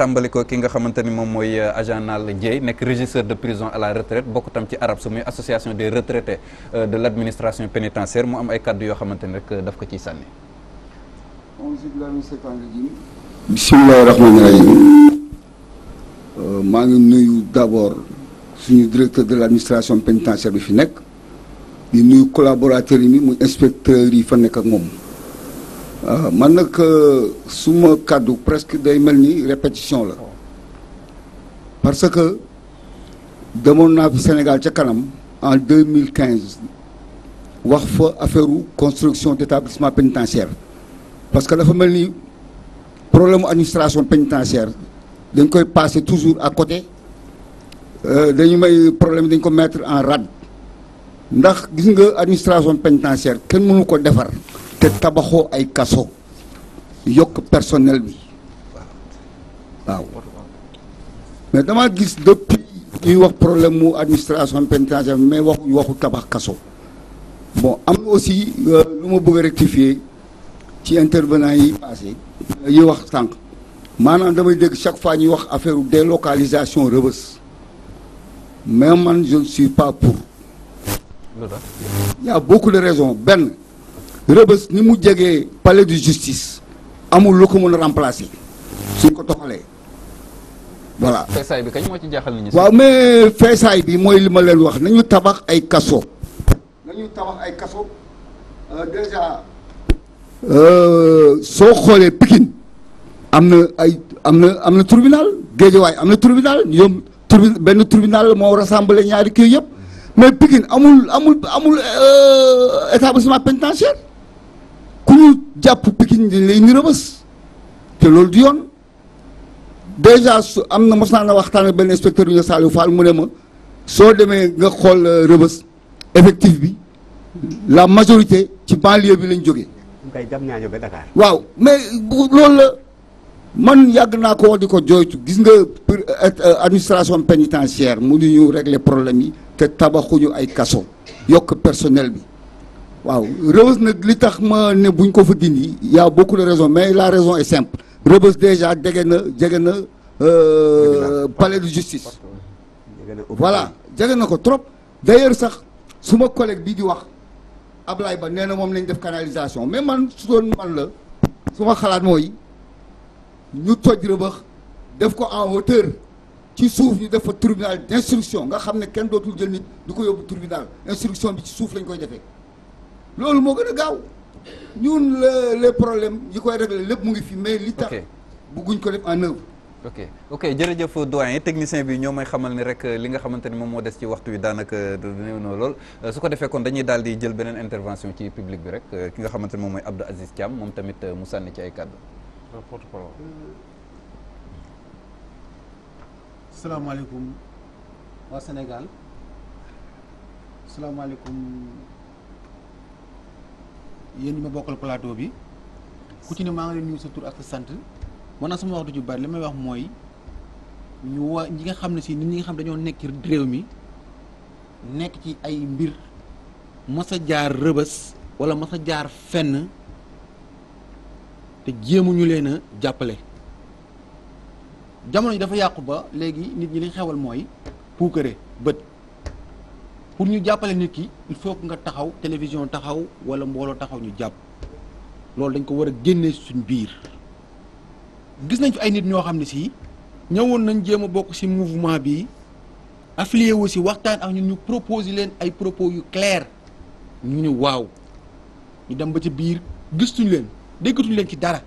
tàmbali ko ki nga xamante ni moom mooy agent Nal Dieye nekk régisseur de prison à la retraite bokk tam ci arab su muy association des mu am ay yoo xamante ne rek daf ko ciy sànni bisimilah rahmaani rahiim euh, maa ngi nuyu d'abord suñu directeur de l'administration pénitentiaire bi fi nekk di nuyu collaborateurs yi muy inspecteurs yi fa nekk ak moom euh, man nag euh, suma kàddu presque day mel ni répétition la parce que demoon naa fi Sénégal ca kanam en 2015 wax fa affaire construction d'établissement pénitentiaire parce que dafa mel ni problème administration pénitentiaire dañ koy passer toujours à côté euh, dañu may problème dañ ko mettre en rade ndax gis nga administration pénitentiaire kenn mënu ko defar te tabaxoo ay kaso yokk personnel bi waaw mais dama gis depuis ñuy wax problème mu administration pénitentiaire mais waxu waxu tabax kaso bon am na aussi euh, lu ma bëgg a rectifier ci intervenant yi passé euh, yi wax sànq maanaam damay dégg chaque fois ñuy wax affaire localisation Rebeuss mais man je ne suis pas pour il a beaucoup de raisons benn Rebeuss ni mu jegee palais de justice amul lu ko mën a remplacer suñ ko toxalee voilà feesaay bi kañ moo ci jaaxal nañu waaw mais feesaay bi mooy li ma leen wax nañu tabax ay kaso nañu ay kaso euh, Euh, soo xoolee Pikine am na ay am na am na tribunal waay am na tribunal ñoom tribunal benn tribunal moo rassemblé ñaari kii yëpp mais Pikine amul amul amul euh, établissement pénitentiaire ku ñu jàpp Pikine dañ lay rëbës te loolu du yoon déjà su am na mos naa na waxtaan benn inspecteur ñu Saliou Fall mu ne ma soo demee nga xool euh, rëbës effectif bi la majorité ci banlieue bi lañ jóge kay jam ñaaño ba Dakar. waaw mais loolu la man yàgg naa ko di ko jooytu gis nga euh, euh, administration pénitentiaire ñu régler problème yi te tabaxuñu ay kaso yokk personnel bi waaw Rebeuss nag li tax ma ne buñ ko fa dindi y a beaucoup de raisons mais la raison est simple Rebeuss déjà jege na jege na euh, palais de justice voilà jege na ko trop d'ailleurs sax suma collègue bii di wax ablaay Ba nee na moom lañ def canalisation mais man su doon man la suma xalaat mooy ñu toj rëbëx def ko en hauteur ci suuf ñu def fa tribunal d'instruction nga xam ne kenn dootul jël nit du ko yóbbu tribunal instruction bi ci suuf lañ koy defee loolu moo gën a gaaw ñun les problèmes yi koy régler lépp mu ngi fi mais li tax bëgguñ ko def en œuvre ok ok jërëjëf doyen technicien bi ñoo may xamal ni rek euh, li nga xamante ni moom moo des ci waxtu wi daanaka euh, néew na lool euh, su ko defee kon dañuy daal di jël beneen intervention ci public bi rek ki nga xamante ni moom mooy Abdou Aziz Thiam moom tamit mu sànni ci ay kàddu. salaamaaleykum waa Sénégal salaamaaleykum yéen ñi ma bokkal bi ku ci maa ngi leen ak sa sant. man tax sama wax du ci bari li may wax mooy ñu wa ñi nga xam ne si nit ñi nga xam dañoo nekk réew mi nekk ci ay mbir mës a jaar rëbës wala mës a jaar fenn te jéemuñu leen a jàppale. jamono yi dafa yàqu ba léegi nit ñi li xewal mooy puukare bët pour ñu jàppale nit ki il faut nga taxaw télévision taxaw wala mbooloo taxaw ñu jàpp loolu dañ ko war a génne suñ biir. gis nañ fi ay nit ñoo xam ne si ñëwoon nañ jéem a bokk si mouvement bi affilié wu waxtaan ak ñu ñu proposé leen ay propos yu clair ñu ne waaw ñu dem ba ci biir gistuñ leen déggatuñ leen ci dara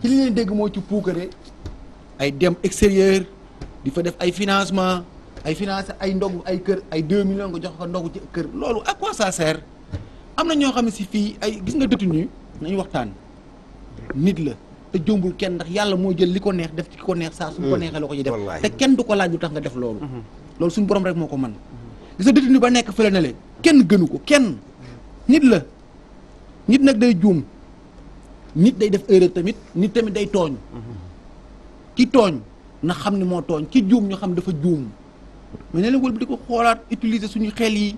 ci li leen dégg mooy ci puukare ay dem extérieur di fa def ay financement ay financé ay ndogu ay kër ay deux millions nga jox ko ndogu ci kër loolu ak quoi ça sert am na ñoo xam ne si fii ay gis nga dëttu ñu nañu waxtaan nit la te jombul kenn ndax yàlla moo jël li ko neex def ci ko neex saa suñu ko mm. neexee la ko ci def te kenn du ko laaj lu tax nga def loolu mm-hmm. loolu suñu borom rek moo ko mën gis nga détenu ba nekk fële na le kenn gënu ko kenn nit la nit nag day juum nit day def erreur tamit nit tamit day tooñ mm-hmm. ki tooñ na xam ne moo tooñ ki juum ñu xam dafa juum mais ne leen wëlbati ko xoolaat utiliser suñu xel yi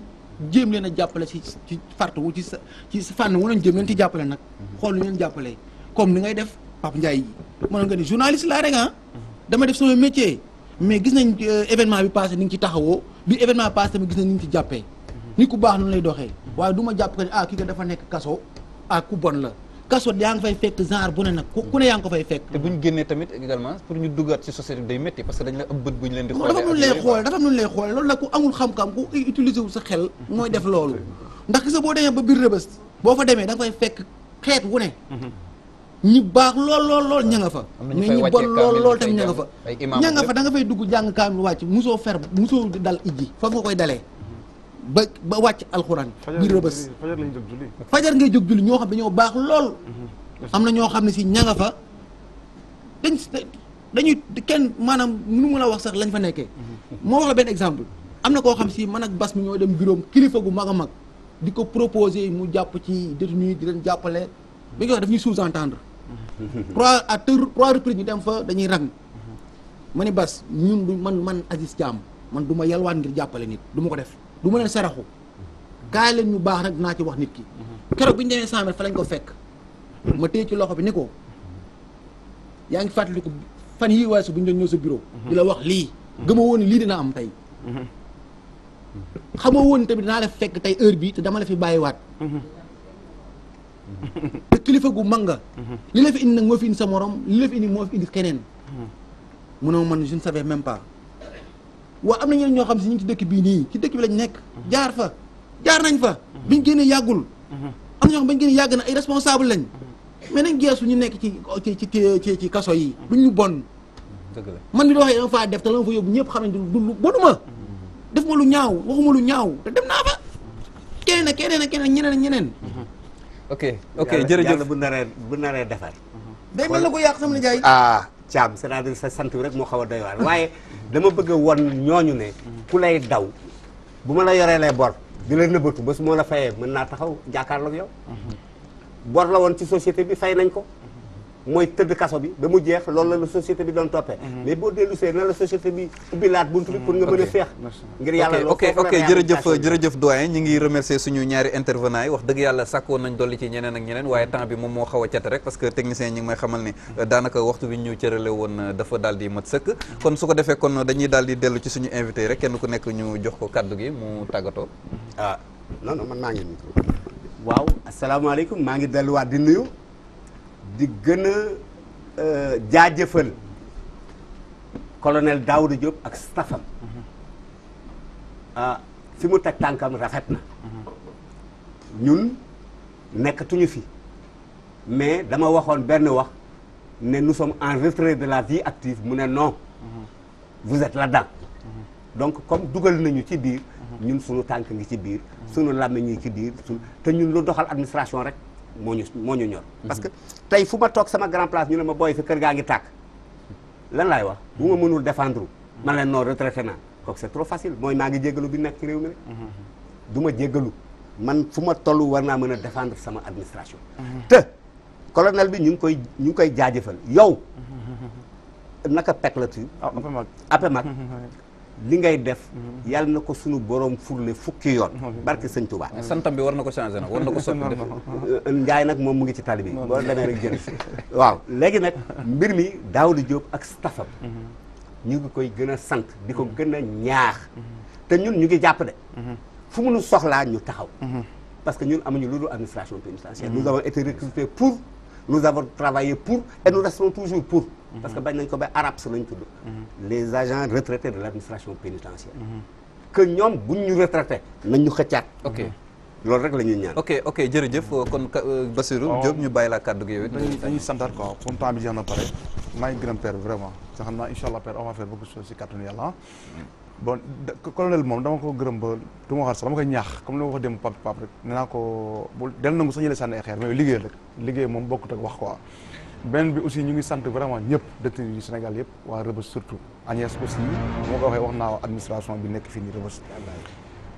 jéem leen a jàppale ci ci wu ci sa ci fànn wu leen jéem leen ci jàppale nag mm-hmm. xool lu jàppale comme ni ngay def Pape Ndiaye mënoon nga ni journaliste laa rek ah dama def sama métier mais gis nañ euh, événement bi passé ni nga ci taxawoo bi événement passé tamit gis nañ ni nga ci jàppee ni ku baax noonu lay doxee waaye du ma jàpp que ni ah kii ko dafa ah, bon la kaso yaa ngi fay fekk genre bu ne nag ku ne yaa ngi ko fay fekk te bu génnee tamit également pour ñu duggaat ci société bi day métti parce que dañ la am bët leen di xoolee dafa am lu lay xoole dafa am lu lay xoole loolu nag ku amul xam-xam ku utiliser sa xel mooy def loolu ndax gis nga boo demee ba biir rëbës boo fa demee da nga fekk xeet wu ne mhm. ñi baax lool lool lool ña nga fa mais ñi bon lool lool tam ña nga fa ña nga fa da nga fay dugg jàng kaamil wàcc musoo fer musoo dal ijji foofu nga koy dalee ba ba wàcc alxuraan bi rëbës fajar ngay jóg julli ñoo xam dañoo baax lool mm-hmm. am na ñoo xam ne si ña nga fa dañ dañuy kenn maanaam nu mu la wax sax lañ fa nekkee mm-hmm. moo wax la benn exemple am na koo xam si man ak bas mi ñoo dem bureau kilifa gu mag a mag di ko proposer mu jàpp ci détenu yi di leen jàppale bi nga wax daf ñuy entendre trois à trois reprises ñu dem fa dañuy rang. ma ni bas ñun du man man Aziz man du ma yalwaan ngir jàppale nit duma ko def du ma leen saraxu. kaay leen ñu baax nag naa ci wax nit ki. keroog bi ñu demee 100 mètres fa lañ ko fekk. ma téye ci loxo bi ni ko. yaa ngi fàttaliku fan yii waaye su bu ñu doon ñëw sa bureau. di la wax lii. gëma woon lii dina am tey. xamoo woon tamit naa def fekk tey heure bi te dama la fi bàyyiwaat. te kilifa gu mag nga mhm. li la fi indi nag moo fi indi sa morom li la fi indi moo fi indi keneen mhm. mu ne man je ne savais même waa am na ñeneen ñoo xam si ñu ci dëkk bii nii ci dëkk bi lañ nekk mhm. jaar fa jaar nañ fa biñ génnee yàggul am na ñoo xam bañ génnee yàgg na ay responsable lañ mais nañ geesu ñu nekk ci ci ci yi duñ ñu bon man bi doxee dama faa def te la ma fa yóbbu ñëpp xam nañ du lu bonuma def ma lu ñaaw waxuma lu ñaaw te dem naa fa keneen ak keneen ak keneen ok ok jërëjëf yàlla bu naree bu naree defar. day mel na ko yàq sama nijaay. a ah, caam cest sa sant bi rek moo xaw a doy waar waaye dama bëgg a won ñooñu ne. ku lay daw bu ma la yoree lay bor. di la nëbbatu ba su moo la fayee mën naa taxaw jàkkaarloog yow. Mhm. bor la woon ci société bi fay nañ ko. mooy tëdd kaso bi ba jeex lool la la société bi doon toppee mhm. mais boo dellu see na la société bi ubbi laat buntu bi pour nga mën a feex ngir yàlla loolu ok ok jërëjëf jërëjëf doyen ñi ngi remercier suñu ñaari intervenant yi wax dëgg yàlla sàkkoon nañ dolli ci ñeneen ak ñeneen waaye temps bi moom moo xaw a cat rek parce que technicien ñi ngi may xamal ni euh, daanaka waxtu bi ñu cërale woon euh, dafa daal di mat sëkk di dellu ci suñu invité rek kenn ku nekk ñu jox ko kaddu gi mu tàggatoo ah non man maa ngi waaw asalaamaaleykum maa ngi delluwaat di nuyu di gën a euh, jaajëfal daaw Daouda Diop ak staffam mhm. ah, fi mu teg tànkam rafet na mhm. ñun nekkatuñu fi mais dama waxoon benn wax ne nous sommes en retrait de la vie active mu ne non mhm. vous êtes là-dedans donc comme dugal nañu ci biir ñun suñu tànk ngi ci biir suñu làmmiñ ngi ci biir suñu te ñun lu doxal administration rek moo ñu moo ñu ñor tey fu ma toog sama grand place ñu ne ma booy fi kër gaa ngi tàkk lan laay wax bu ma mënul défendre man leen non retraité naa kooku c'est trop facile mooy maa ngi jéggalu bi nekk ci réew du ma jéggalu man fu ma toll war naa mën a défendre sama administration te colonel bi ñu ngi koy ñu ngi koy jaajëfal yow naka pek la a APMAC APMAC li ngay def yàlla na ko sunu borom furle fukki yoon barke sëñ Touba santam bi war na ko changé nag war na ko soppi (laughs) def euh, Njaay nag moom mu ngi ci tali boo demee rek (laughs) mbir mi Daouda Diop ak staffam mhm. ñu ngi koy gën a sant di ko mhm. gën a ñaax mhm. te ñun ñu ngi jàpp de fu mu nu soxlaa ñu taxaw parce que ñun amuñu lu dul administration pénitentiaire nous avons été recrutés pour nous avons travaillé pour et nous restons toujours pour parce que bañ nañ ko ba ARAPS lañ tudd. Mhm. les agents retraités la l' administration pénitentiaire. Mhm. que ñoom buñ ñu retraité nañ ñu xëccaat. ok mhm. loolu rek la ñuy ñaan. ok ok jërëjëf euh, kon euh, Bassirou oh. Diop ñu bàyyi la kàddu gi yow it. dañuy dañuy santaat quoi na pare maa ngi gërëm père vraiment sax xam naa incha allah père on va faire beaucoup de choses si kàttanu yàlla ah. bon colonel moom dama ko gërëm ba du ma waxal sax dama koy ñaax comme li ma ko dem pap pap rek nee naa ko bu del nangu sax ñu lay xeer mais liggéey rek liggéey moom bokkut ak wax quoi. beneen bi aussi ñu ngi sant vraiment ñëpp détenu yu Sénégal yëpp waa Rebeuss surtout Agnès aussi moo ko waxee wax naa administration bi nekk fii nii Rebeuss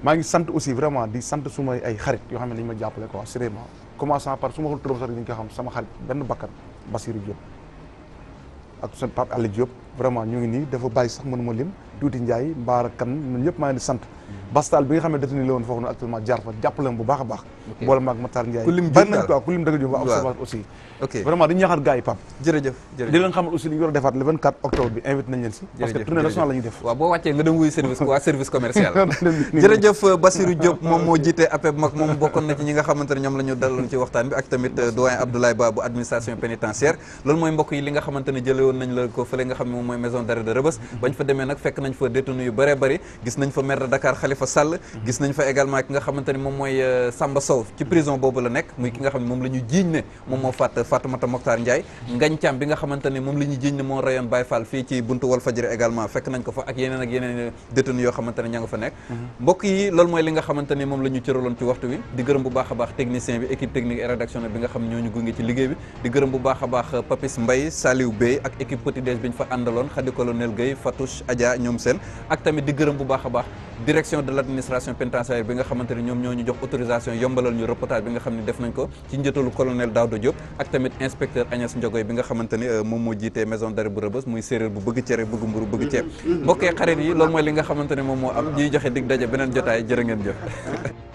maa ngi sant aussi vraiment di sant suma ay xarit yoo xam ne dañu ma jàppale quoi sérieusement commençant par su ma waxul turam sax dañu ko xam sama xarit benn bakkat Basirou Diop ak seen Pape Alé Diop vraiment ñu ngi nii dafa bàyyi sax mënuma lim tuuti Ndiaye Mbaara Kan ñun ñëpp maa ngi di sant bastal bi nga xam ne détenu la woon foofu noonu actuellement jaar fa jàppalam bu baax a baax boole maag Matar Ndiaye bari nañ quoi ku a defaat le 24 (laughs) (laughs) mag moom bokkoon na ci ne ñoom la ñu daloon ci waxtaan bi ak euh, nañ la ko fële nga xam moom mooy maison d'arrêt de Rebeuss bañ fa demee nag fekk nañ fa détenu yu bare bari gis nañ fa maire de Dakar Khalifa Sall gis nañ fa également ki nga xamante moom mooy euh, Samba Sow ci prison boobu la nekk muy ki nga xam ne moom la jiiñ ne moom moo faat euh, Fatoumata Mokhtar Ndiaye ngañcaam bi nga xamante moom la jiiñ ne moo rayoon Baye Fall fii ci buntu Walfadjri également fekk nañ ko fa ak yeneen ak yeneen détenu yoo xamante ne fa nekk mhm. mbokk yi loolu mooy li nga xamante moom la cëraloon ci waxtu wi di gërëm bu baax a baax technicien bi équipe section de l' administration pénitentiaire bi nga xamante ne ñoom ñoo ñu jox autorisation yombalal ñu reportage bi nga xam ne def nañ ko ci njëtalu colonel Daouda Diop ak tamit inspecteur Agnès Ndiogoy bi nga xamante euh, moom moo jiite maison d'arrêt bu Rebeuss muy séeréer bu bëgg cere bëgg mburu bëgg ceeb mm-hmm. mbokkee xarit yi loolu mooy li nga xamante ne moom moo am ñuy joxe dig daje beneen jotaay jërë ngeen jëf (laughs)